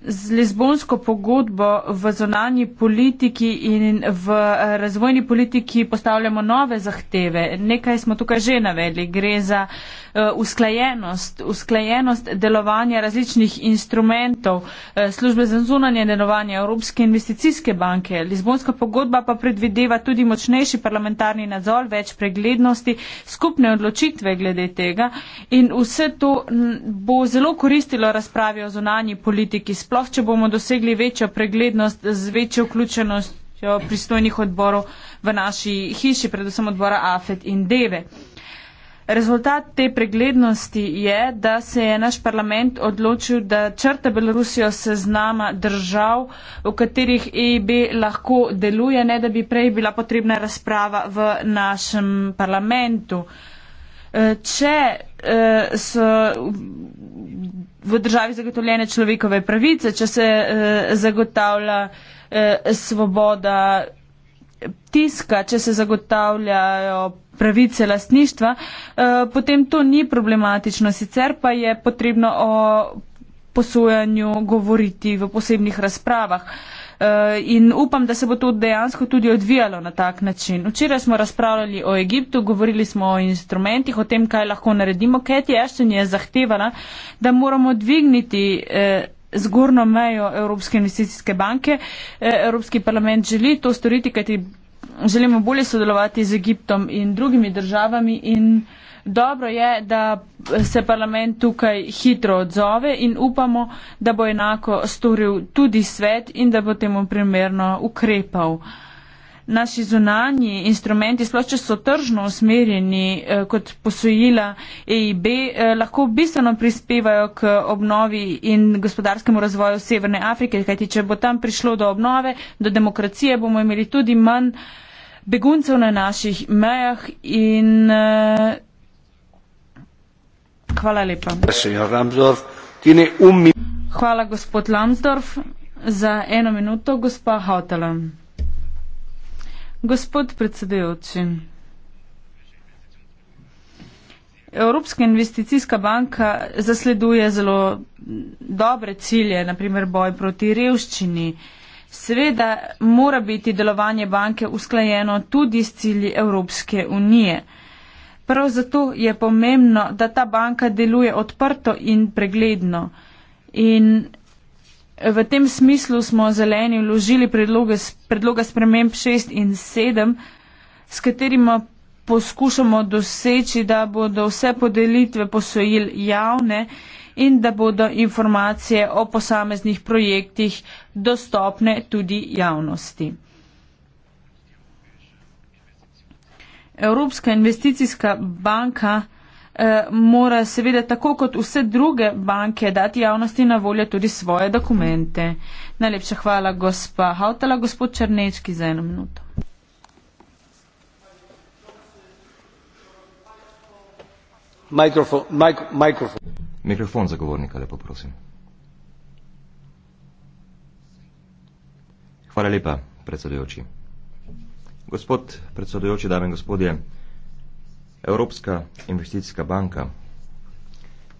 Z Lizbonsko pogodbo v zonanji politiki in v eh, razvojni politiki postavljamo nove zahteve. Nekaj smo tukaj že navedli. Gre za eh, usklajenost, usklajenost delovanja različnih instrumentov, eh, službe za zunanje delovanje Evropske investicijske banke. Lizbonska pogodba pa predvideva tudi močnejši parlamentarni nadzor, več preglednosti, skupne odločitve glede tega in vse to bo zelo koristilo razpravi o zonanji politiki sploh, če bomo dosegli večjo preglednost z večjo vključenostjo pristojnih odborov v naši hiši, predvsem odbora AFED in DEVE. Rezultat te preglednosti je, da se je naš parlament odločil, da črta Belorusijo seznama držav, v katerih EIB lahko deluje, ne da bi prej bila potrebna razprava v našem parlamentu. Uh, Eh, če eh, so v državi zagotovljene človekove pravice, če se eh, zagotavlja svoboda tiska, če se zagotavljajo pravice lastništva, potem to ni problematično. Sicer pa je potrebno o posojanju govoriti v posebnih razpravah. Eh, in upam, da se bo to dejansko tudi odvijalo na tak način. Včeraj smo razpravljali o Egiptu, govorili smo o instrumentih, o tem, kaj lahko naredimo. Kati Ashton je zahtevala, da moramo dvigniti eh, zgornjo mejo Evropske investicijske banke. Eh, Evropski parlament želi to storiti, kajti želimo bolje sodelovati z Egiptom in drugimi državami in dobro je, da se parlament tukaj hitro odzove in upamo, da bo enako storil tudi svet in da bo temu primerno ukrepal. Naši zunanji instrumenti, sploh če so tržno usmerjeni eh, kot posojila EIB, eh, lahko bistveno prispevajo k obnovi in gospodarskemu razvoju Severne Afrike, kajti če bo tam prišlo do obnove, do demokracije, bomo imeli tudi manj beguncev na naših mejah in uh, hvala lepa. Hvala gospod Lambsdorf za eno minuto, gospa Hautala. Gospod predsedujoči, Evropska investicijska banka zasleduje zelo dobre cilje, naprimer boj proti revščini. Uh, Sveda mora biti delovanje banke usklajeno tudi s cilji Evropske unije. Prav zato je pomembno, da ta banka deluje odprto in pregledno. In v tem smislu smo zeleni vložili predloga sprememb 6 in 7, s katerima poskušamo doseči, da bodo vse podelitve posojil javne in da bodo informacije o posameznih projektih dostopne tudi javnosti. Evropska investicijska banka eh, mora seveda tako kot vse druge banke dati javnosti na voljo tudi svoje dokumente. Najlepša hvala, gospa Hautala, gospod Črnečki, za eno minuto. Mikrofon, mik, mikrofon. Mikrofon za govornika, lepo prosim. Hvala lepa, predsedujoči. Gospod predsedujoči, dame in gospodje, Evropska investicijska banka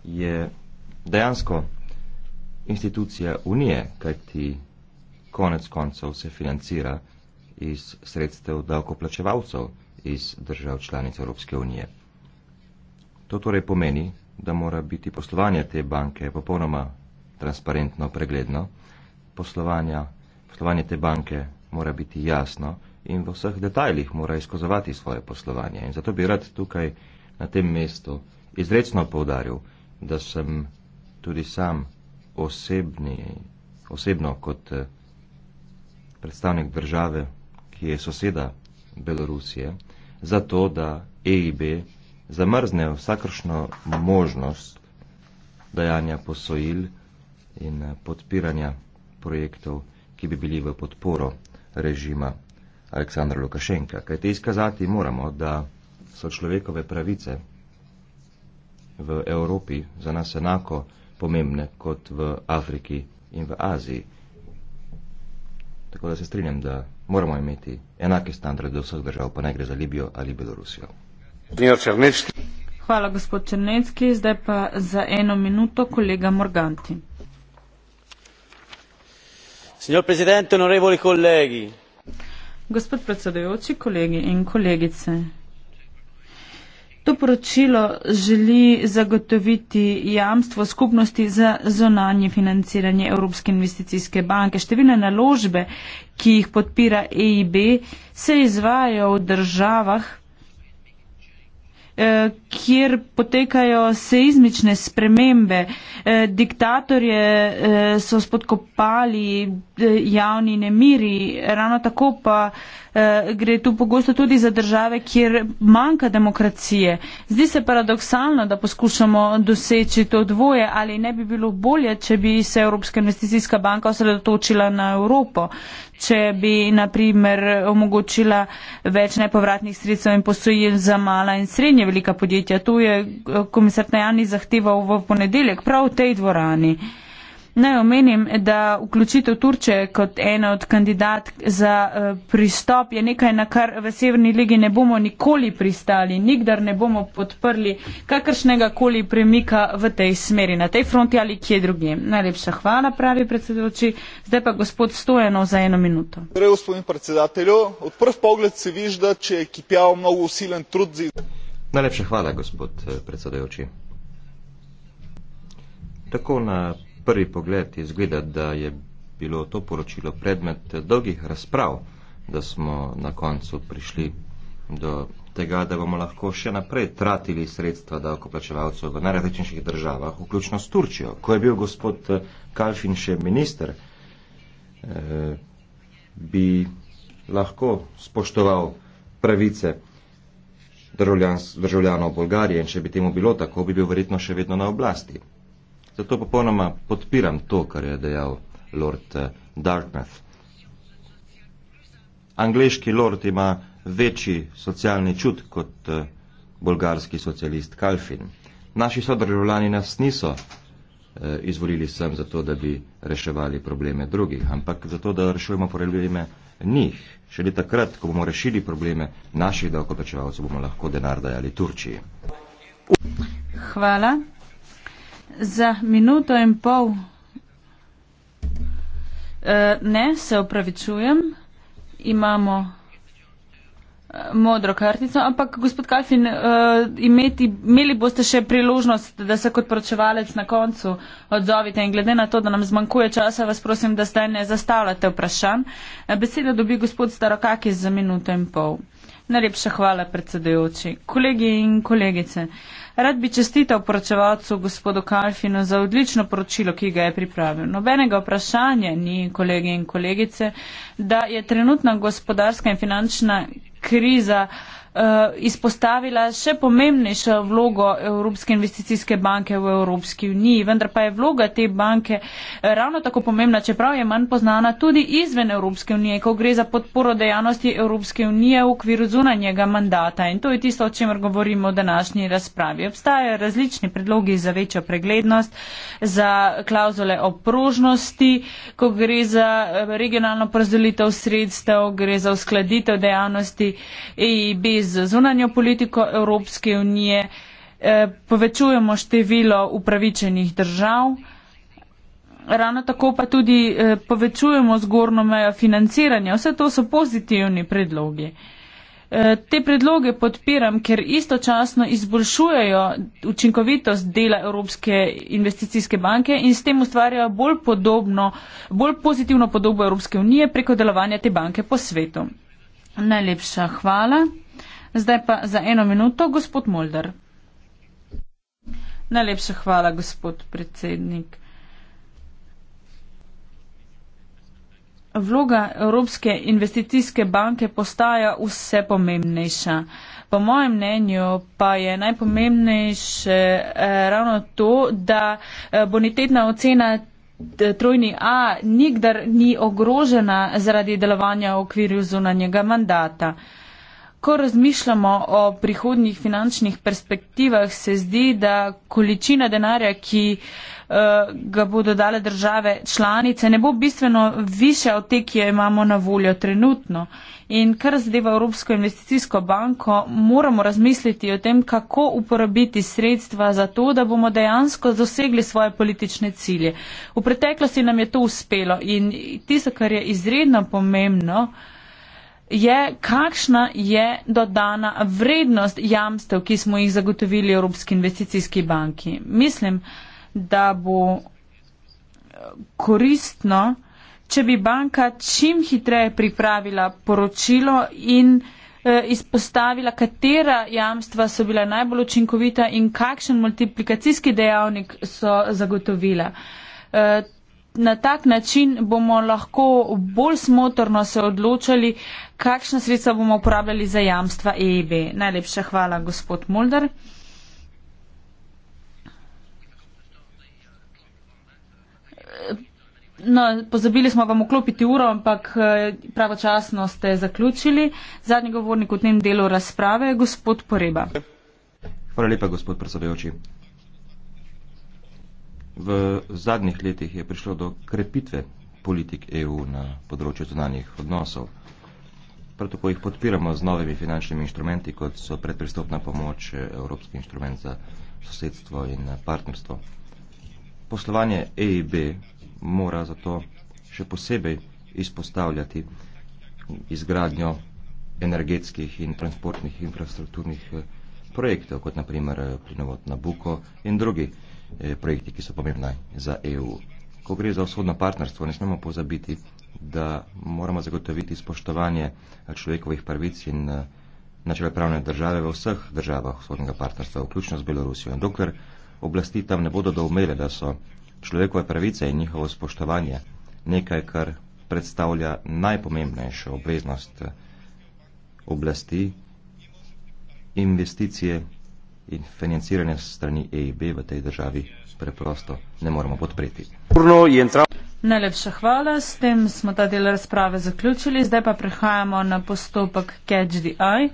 je dejansko institucija Unije, kajti konec koncev se financira iz sredstev davkoplačevalcev iz držav članic Evropske unije. To torej pomeni, da mora biti poslovanje te banke popolnoma transparentno, pregledno. Poslovanja, poslovanje te banke mora biti jasno in v vseh detajlih mora izkazovati svoje poslovanje. In zato bi rad tukaj na tem mestu izredno povdaril, da sem tudi sam osebni, osebno kot eh, predstavnik države, ki je soseda Belorusije, zato da EIB zamrzne vsakršno možnost dajanja posojil in eh, podpiranja projektov, ki bi bili v podporo režima Aleksandra Lukašenka. Kaj te izkazati moramo, da so človekove pravice v Evropi za nas enako pomembne kot v Afriki in v Aziji. Tako da se strinjam, da moramo imeti enake standarde do vseh držav, pa ne gre za Libijo ali Belorusijo. Hvala, gospod Črnecki. Zdaj pa za eno minuto kolega Morganti. Gospod predsedujoči, kolegi in kolegice. To poročilo želi zagotoviti jamstvo skupnosti za zonanje financiranje Evropske investicijske banke. Številne naložbe, ki jih podpira EIB, se izvajajo v državah, Eh, kjer potekajo seizmične spremembe. Eh, diktatorje eh, so spodkopali javni nemiri, ravno tako pa Eh, gre tu pogosto tudi za države, kjer manjka demokracije. Zdi se paradoksalno, da poskušamo doseči to dvoje, ali ne bi bilo bolje, če bi se Evropska investicijska banka osredotočila na Evropo, če bi naprimer omogočila več nepovratnih sredstev in posojil za mala in srednje velika podjetja. To je eh, komisar Tajani zahteval v ponedeljek prav v tej dvorani. Naj omenim, da vključitev Turčije kot ena od kandidat za eh, pristop je nekaj, na kar v Severni ligi ne bomo nikoli pristali, nikdar ne bomo podprli kakršnega koli premika v tej smeri, na tej fronti ali kje drugje. Najlepša hvala, pravi predsedujoči. Zdaj pa gospod Stojeno za eno minuto. Zdaj, torej, gospodin predsedatelj, od prv pogled se vižda, če je kipjal mnogo usilen trud za. Najlepša hvala, gospod eh, predsedujoči. Tako na prvi pogled izgleda, da je bilo to poročilo predmet dolgih razprav, da smo na koncu prišli do tega, da bomo lahko še naprej tratili sredstva davkoplačevalcev v najrazličnejših državah, vključno s Turčijo. Ko je bil gospod eh, Kalfin še minister, eh, bi lahko spoštoval pravice državljanov Bolgarije in če bi temu bilo tako, bi bil verjetno še vedno na oblasti. Zato popolnoma podpiram to, kar je dejal Lord eh, Darkness. Angliški lord ima večji socialni čut kot eh, bolgarski socialist Kalfin. Naši sodržavljani nas niso eh, izvolili sem zato, da bi reševali probleme drugih, ampak zato, da rešujemo probleme njih. Šele takrat, ko bomo rešili probleme naših davkoplačevalcev, bomo lahko denar dajali Turčiji. Hvala za minuto in pol. Uh, ne, se opravičujem. Imamo e, modro kartico, ampak gospod Kalfin, uh, imeti, imeli boste še priložnost, da se kot pročevalec na koncu odzovite in glede na to, da nam zmanjkuje časa, vas prosim, da zdaj ne zastavljate vprašanj. Uh, Beseda dobi gospod Starokakis za minuto in pol. Najlepša hvala, predsedujoči. Kolegi in kolegice, rad bi čestital poročevalcu gospodu Kalfinu za odlično poročilo, ki ga je pripravil. Nobenega vprašanja ni, kolegi in kolegice, da je trenutna gospodarska in finančna kriza. Eh, izpostavila še pomembnejšo vlogo Evropske investicijske banke v Evropski uniji. Vendar pa je vloga te banke eh, ravno tako pomembna, čeprav je manj poznana tudi izven Evropske unije, ko gre za podporo dejavnosti Evropske unije v okviru zunanjega mandata. In to je tisto, o čemer govorimo v današnji razpravi. Obstajajo različni predlogi za večjo preglednost, za klauzule oprožnosti, ko gre za eh, regionalno prazdelitev sredstev, gre za uskladitev dejavnosti EIB z z zunanjo politiko Evropske unije, eh, povečujemo število upravičenih držav, ravno tako pa tudi eh, povečujemo zgornjo mejo financiranja. Vse to so pozitivni predlogi. Eh, te predloge podpiram, ker istočasno izboljšujejo učinkovitost dela Evropske investicijske banke in s tem ustvarjajo bolj, podobno, bolj pozitivno podobo Evropske unije preko delovanja te banke po svetu. Najlepša hvala. Zdaj pa za eno minuto, gospod Molder. Najlepša hvala, gospod predsednik. Vloga Evropske investicijske banke postaja vse pomembnejša. Po mojem mnenju pa je najpomembnejše eh, ravno to, da eh, bonitetna ocena trojni A nikdar ni ogrožena zaradi delovanja v okviru zunanjega mandata. Ko razmišljamo o prihodnjih finančnih perspektivah, se zdi, da količina denarja, ki eh, ga bodo dale države članice, ne bo bistveno više od te, ki jo imamo na voljo trenutno. In kar zadeva Evropsko investicijsko banko, moramo razmisliti o tem, kako uporabiti sredstva za to, da bomo dejansko dosegli svoje politične cilje. V preteklosti nam je to uspelo in tisto, kar je izredno pomembno, je, kakšna je dodana vrednost jamstev, ki smo jih zagotovili Evropski investicijski banki. Mislim, da bo eh, koristno, če bi banka čim hitreje pripravila poročilo in eh, izpostavila, katera jamstva so bila najbolj učinkovita in kakšen multiplikacijski dejavnik so zagotovila. Eh, na tak način bomo lahko bolj smotrno se odločali, kakšna sredstva bomo uporabljali za jamstva EIB. E Najlepša hvala, gospod Mulder. No, pozabili smo vam vklopiti uro, ampak eh, pravočasno ste zaključili. Zadnji govornik v tem delu razprave je gospod Poreba. Hvala lepa, gospod predsedujoči. V zadnjih letih je prišlo do krepitve politik EU na področju zunanjih odnosov. Prav tako jih podpiramo z novimi finančnimi inštrumenti, kot so predpristopna pomoč Evropski inštrument za sosedstvo in partnerstvo. Poslovanje EIB mora zato še posebej izpostavljati izgradnjo energetskih in transportnih infrastrukturnih eh, projektov, kot naprimer eh, plinovod Nabuko in drugi. Eh, projekti, ki so pomembna za EU. Ko gre za vzhodno partnerstvo, ne smemo pozabiti, da moramo zagotoviti spoštovanje eh, človekovih pravic in eh, načele pravne države v vseh državah vzhodnega partnerstva, vključno z Belorusijo. In dokler oblasti tam ne bodo doumele, da so človekove pravice in njihovo spoštovanje nekaj, kar predstavlja najpomembnejšo obveznost oblasti, investicije in financiranja strani EIB v tej državi preprosto ne moremo podpreti. Najlepša hvala. S tem smo ta del razprave zaključili. Zdaj pa prehajamo na postopek Catch the Eye.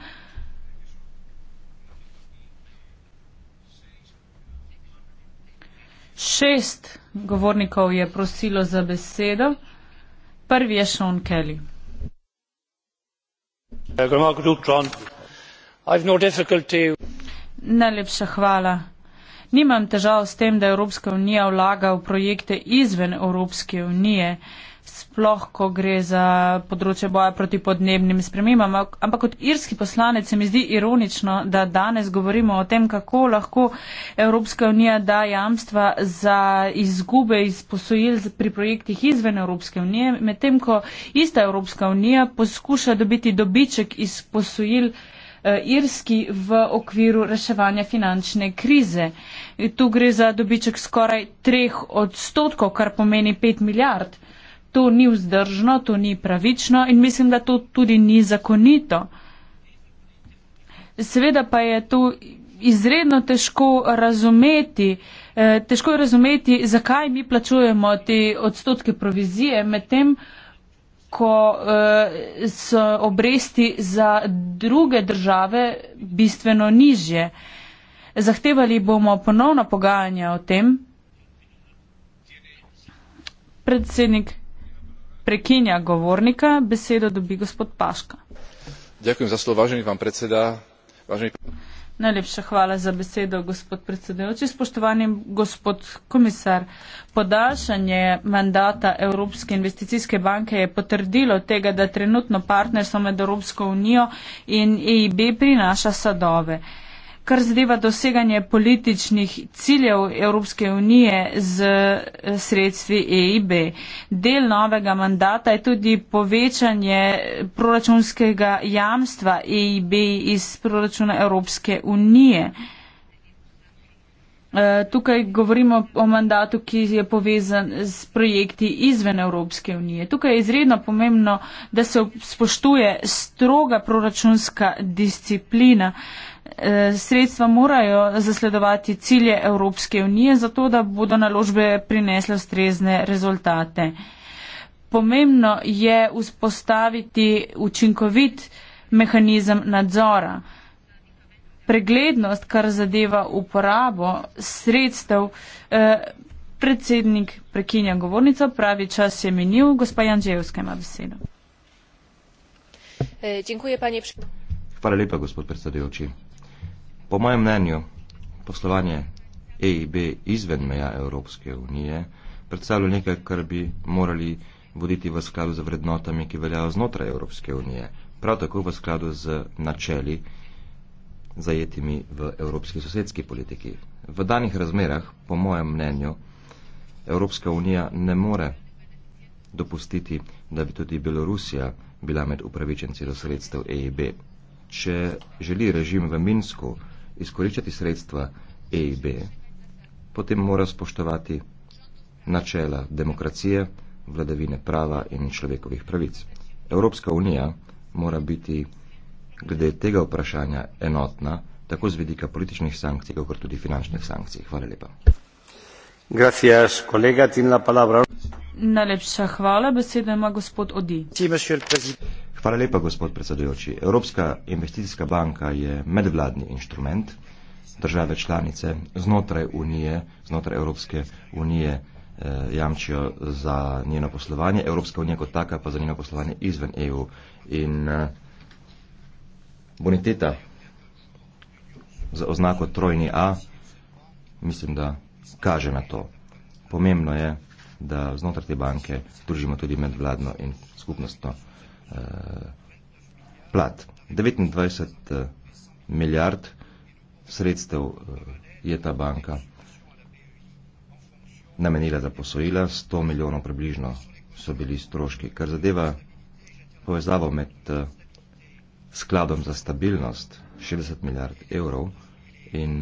Šest govornikov je prosilo za besedo. Prvi je Sean Kelly. Good morning, Sean. I have no difficulty Najlepša hvala. Nimam težav s tem, da Evropska unija vlaga v projekte izven Evropske unije, sploh ko gre za področje boja proti podnebnim spremembam, ampak kot irski poslanec se mi zdi ironično, da danes govorimo o tem, kako lahko Evropska unija da jamstva za izgube iz posojil pri projektih izven Evropske unije, medtem ko ista Evropska unija poskuša dobiti dobiček iz posojil. Eh, Irski v okviru reševanja finančne krize. Tu gre za dobiček skoraj 3 odstotkov, kar pomeni 5 milijard. To ni vzdržno, to ni pravično in mislim, da to tudi ni zakonito. Seveda pa je to izredno težko razumeti. Eh, težko je razumeti, zakaj mi plačujemo te odstotke provizije med tem, ko uh, so obresti za druge države bistveno nižje. Zahtevali bomo ponovno pogajanje o tem. Predsednik prekinja govornika, besedo dobi gospod Paška. Ďakujem za slovo, vážený pán predseda. Vážený pán... Najlepša hvala za besedo, gospod predsedujoči. Spoštovani gospod komisar, podaljšanje mandata Evropske investicijske banke je potrdilo tega, da trenutno partnerstvo med Evropsko unijo in EIB prinaša sadove. Kar zadeva doseganje političnih ciljev Evropske unije z eh, sredstvi EIB. Del novega mandata je tudi povečanje proračunskega jamstva EIB iz proračuna Evropske unije. Eh, tukaj govorimo o mandatu, ki je povezan z projekti izven Evropske unije. Tukaj je izredno pomembno, da se spoštuje stroga proračunska disciplina. Eh, sredstva morajo zasledovati cilje Evropske unije, zato da bodo naložbe prinesle ustrezne rezultate. Pomembno je vzpostaviti učinkovit mehanizem nadzora. Preglednost, kar zadeva uporabo sredstev, eh, predsednik prekinja govornico, pravi čas je minil, gospa Janžejevska ima besedo. E, Hvala lepa, gospod predsedujoči. Po mojem mnenju, poslovanje EIB izven meja Evropske unije predstavlja nekaj, kar bi morali voditi v skladu z vrednotami, ki veljajo znotraj Evropske unije, prav tako v skladu z načeli zajetimi v evropski sosedski politiki. V danih razmerah, po mojem mnenju, Evropska unija ne more dopustiti, da bi tudi Belorusija bila med upravičenci do sredstev EIB. Če želi režim v Minsku, izkoriščati sredstva EIB, potem mora spoštovati načela demokracije, vladavine prava in človekovih pravic. Evropska unija mora biti glede tega vprašanja enotna, tako z vidika političnih sankcij, kot tudi finančnih sankcij. Hvala lepa. Gracias, kolega, la Najlepša hvala, besedo ima gospod Odi. Sí, Hvala lepa, gospod predsedujoči. Evropska investicijska banka je medvladni inštrument. Države članice znotraj unije, znotraj Evropske unije eh, jamčijo za njeno poslovanje, Evropska unija kot taka pa za njeno poslovanje izven EU. In eh, boniteta za oznako trojni A, mislim, da kaže na to. Pomembno je, da znotraj te banke družimo tudi medvladno in skupnostno uh, plat. 29 eh, milijard sredstev eh, je ta banka namenila za posojila, 100 milijonov približno so bili stroški. Kar zadeva povezavo med skladom za stabilnost 60 milijard evrov in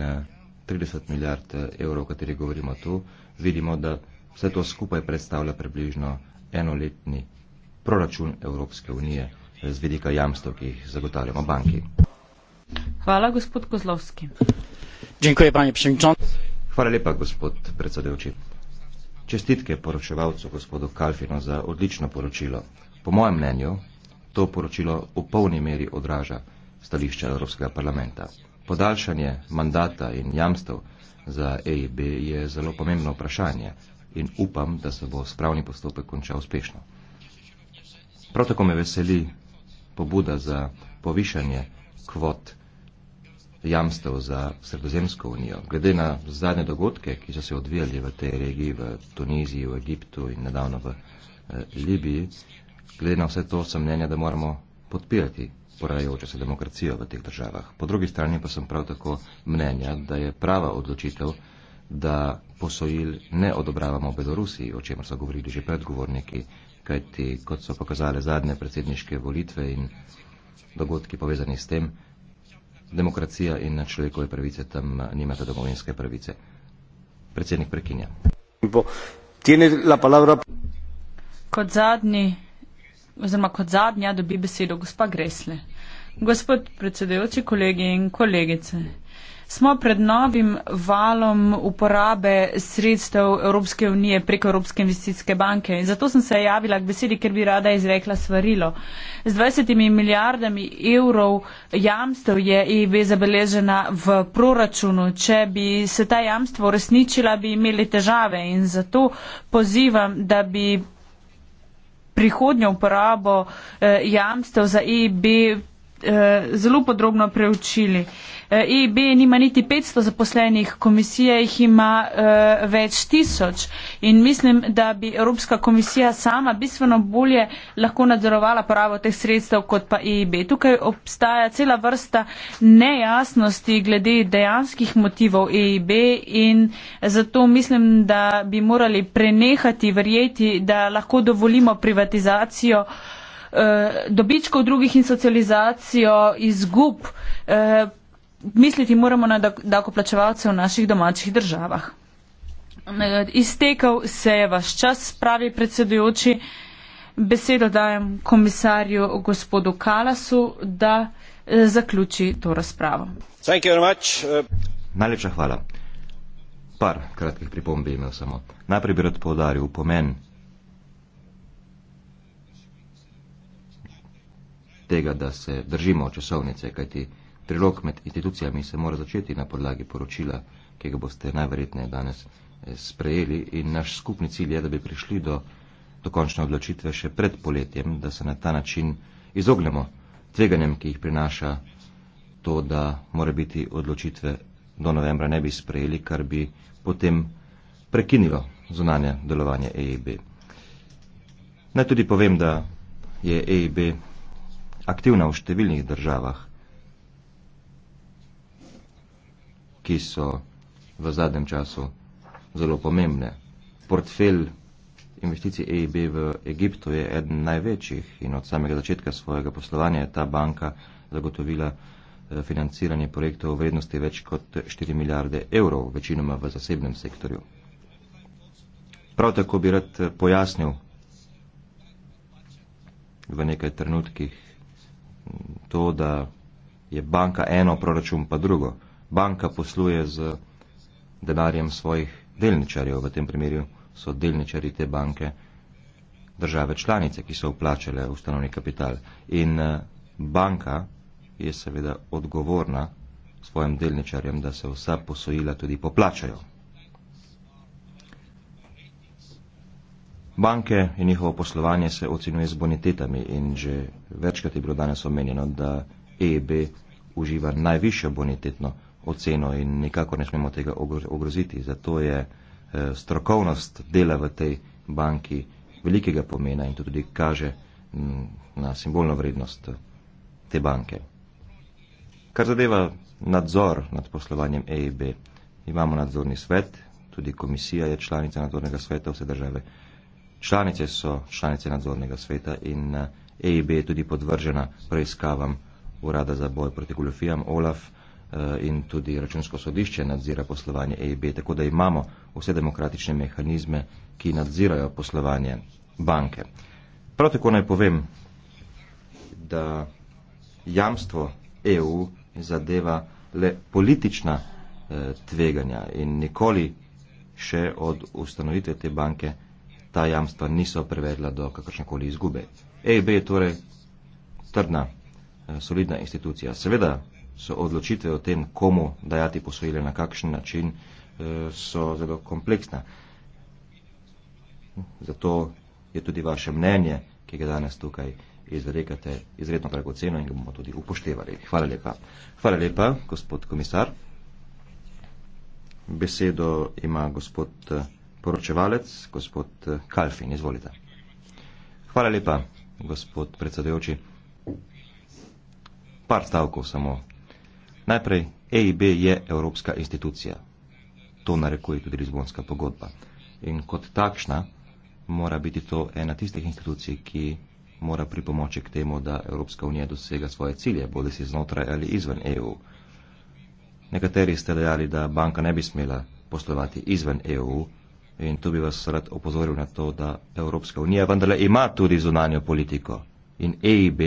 30 milijard evrov, o kateri govorimo tu, vidimo, da vse to skupaj predstavlja približno enoletni proračun Evropske unije z vidika jamstv, ki jih zagotavljamo banki. Hvala, gospod Kozlovski. Dziękuję, Hvala lepa, gospod predsedujoči. Čestitke poročevalcu gospodu Kalfinu za odlično poročilo. Po mojem mnenju to poročilo v polni meri odraža stališče Evropskega parlamenta. Podaljšanje mandata in jamstv za EIB je zelo pomembno vprašanje in upam, da se bo spravni postopek končal uspešno. Prav tako me veseli pobuda za povišanje kvot jamstev za Sredozemsko unijo. Glede na zadnje dogodke, ki so se odvijali v tej regiji, v Tuniziji, v Egiptu in nedavno v eh, Libiji, glede na vse to sem mnenja, da moramo podpirati porajajoče se demokracijo v teh državah. Po drugi strani pa sem prav tako mnenja, da je prava odločitev, da posojil ne odobravamo Belorusiji, o čem so govorili že predgovorniki kajti kot so pokazale zadnje predsedniške volitve in dogodki povezani s tem, demokracija in človekove pravice tam nimate domovinske pravice. Predsednik prekinja. Kot zadnji, oziroma kot zadnja dobi besedo gospa Gresle. Gospod predsedujoči, kolegi in kolegice. Smo pred novim valom uporabe sredstev Evropske unije preko Evropske investicijske banke in zato sem se javila k besedi, ker bi rada izrekla svarilo. Z 20 milijardami evrov jamstev je EIB zabeležena v proračunu. Če bi se ta jamstvo resničila, bi imeli težave in zato pozivam, da bi prihodnjo uporabo eh, jamstev za EIB eh, zelo podrobno preučili. EIB eh, e nima niti 500 zaposlenih, komisija jih ima uh, več tisoč in mislim, da bi Evropska komisija sama bistveno bolje lahko nadzorovala pravo teh sredstev kot pa EIB. Tukaj obstaja cela vrsta nejasnosti glede dejanskih motivov EIB in zato mislim, da bi morali prenehati verjeti, da lahko dovolimo privatizacijo uh, Eh, dobičkov drugih in socializacijo izgub eh, misliti moramo na dakoplačevalce v naših domačih državah. Eh, Iztekal se je vaš čas, pravi predsedujoči. Besedo dajem komisarju gospodu Kalasu, da zaključi to razpravo. Najlepša hvala. Par kratkih pripomb bi imel samo. Najprej bi rad povdaril pomen tega, da se držimo časovnice, kajti trilog med institucijami se mora začeti na podlagi poročila, ki ga boste najverjetneje danes eh, sprejeli in naš skupni cilj je, da bi prišli do dokončne odločitve še pred poletjem, da se na ta način izognemo tveganjem, ki jih prinaša to, da mora biti odločitve do novembra ne bi sprejeli, kar bi potem prekinilo zunanje delovanje EIB. Naj tudi povem, da je EIB aktivna v številnih državah, ki so v zadnjem času zelo pomembne. Portfelj investicij EIB v Egiptu je eden največjih in od samega začetka svojega poslovanja je ta banka zagotovila eh, financiranje projektov v vrednosti več kot 4 milijarde evrov, večinoma v zasebnem sektorju. Prav tako bi rad eh, pojasnil v nekaj trenutkih to, da je banka eno, proračun pa drugo. Banka posluje z denarjem svojih delničarjev, v tem primeru so delničari te banke države članice, ki so vplačale ustanovni kapital. In eh, banka je seveda odgovorna svojim delničarjem, da se vsa posojila tudi poplačajo. Banke in njihovo poslovanje se ocenjuje z bonitetami in že večkrat je bilo danes omenjeno, da EEB uživa najvišjo bonitetno oceno in nikako ne smemo tega ogroziti. Zato je eh, strokovnost dela v tej banki velikega pomena in to tudi kaže mm, na simbolno vrednost eh, te banke. Kar zadeva nadzor nad poslovanjem EIB, e imamo nadzorni svet, tudi komisija je članica nadzornega sveta vse države. Članice so članice nadzornega sveta in EIB eh, e je tudi podvržena preiskavam Urada za boj proti goljofijam, OLAF eh, in tudi računsko sodišče nadzira poslovanje EIB, tako da imamo vse demokratične mehanizme, ki nadzirajo poslovanje banke. Prav tako naj povem, da jamstvo EU zadeva le politična eh, tveganja in nikoli še od ustanovitve te banke ta jamstva niso prevedla do kakršnekoli izgube. EIB je torej trdna, eh, solidna institucija. Seveda so odločitve o tem, komu dajati posojile, na kakšen način, eh, so zelo kompleksna. Zato je tudi vaše mnenje, ki ga danes tukaj izrekate, izredno dragoceno in ga bomo tudi upoštevali. Hvala lepa. Hvala lepa, gospod komisar. Besedo ima gospod. Eh, poročevalec, gospod eh, Kalfin, izvolite. Hvala lepa, gospod predsedujoči. Par stavkov samo. Najprej, EIB je evropska institucija. To narekuje tudi Lizbonska pogodba. In kot takšna mora biti to ena tistih institucij, ki mora pripomoči k temu, da Evropska unija dosega svoje cilje, bodi si znotraj ali izven EU. Nekateri ste dejali, da banka ne bi smela poslovati izven EU, In tu bi vas rad opozoril na to, da Evropska unija vendarle ima tudi zunanjo politiko in EIB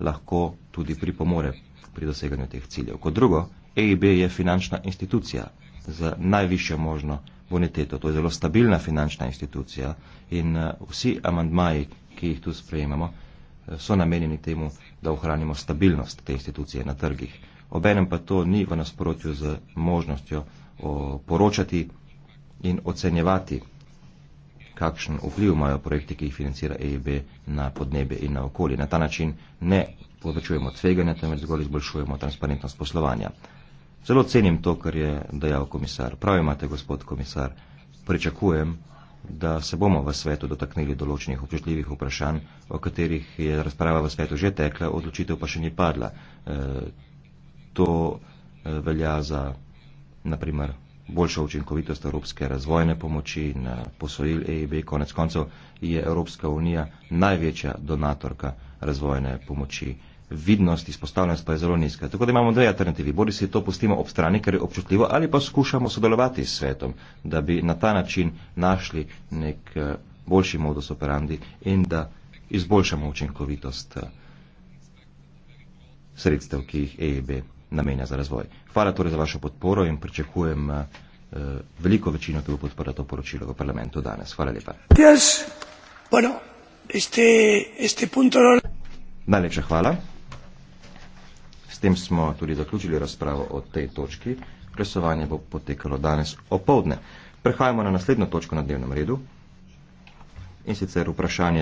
lahko tudi pripomore pri doseganju teh ciljev. Kot drugo, EIB je finančna institucija z najvišjo možno boniteto. To je zelo stabilna finančna institucija in eh, vsi amandmaji, ki jih tu sprejemamo, eh, so namenjeni temu, da ohranimo stabilnost te institucije na trgih. Obenem pa to ni v nasprotju z možnostjo poročati in ocenjevati, kakšen vpliv imajo projekti, ki jih financira EIB na podnebje in na okolje. Na ta način ne povečujemo tveganja, temveč zgolj izboljšujemo transparentnost poslovanja. Zelo cenim to, kar je dejal komisar. Prav imate, gospod komisar, pričakujem, da se bomo v svetu dotaknili določenih občutljivih vprašanj, o katerih je razprava v svetu že tekla, odločitev pa še ni padla. E, to e, velja za, naprimer, boljšo učinkovitost evropske razvojne pomoči in eh, posojil EIB. Konec koncev je Evropska unija največja donatorka razvojne pomoči. Vidnost, izpostavljenost pa je zelo nizka. Tako da imamo dve alternativi. Bodi si to pustimo ob strani, ker je občutljivo, ali pa skušamo sodelovati s svetom, da bi na ta način našli nek eh, boljši modus operandi in da izboljšamo učinkovitost eh, sredstev, ki jih EIB namenja za razvoj. Hvala torej za vašo podporo in pričakujem eh, veliko večino, ki bo podprla to poročilo v parlamentu danes. Hvala lepa. Yes. Bueno, este, este punto... No- Najlepša hvala. S tem smo tudi zaključili razpravo o tej točki. Glasovanje bo potekalo danes opovdne. Prehajamo na naslednjo točko na dnevnem redu in sicer vprašanje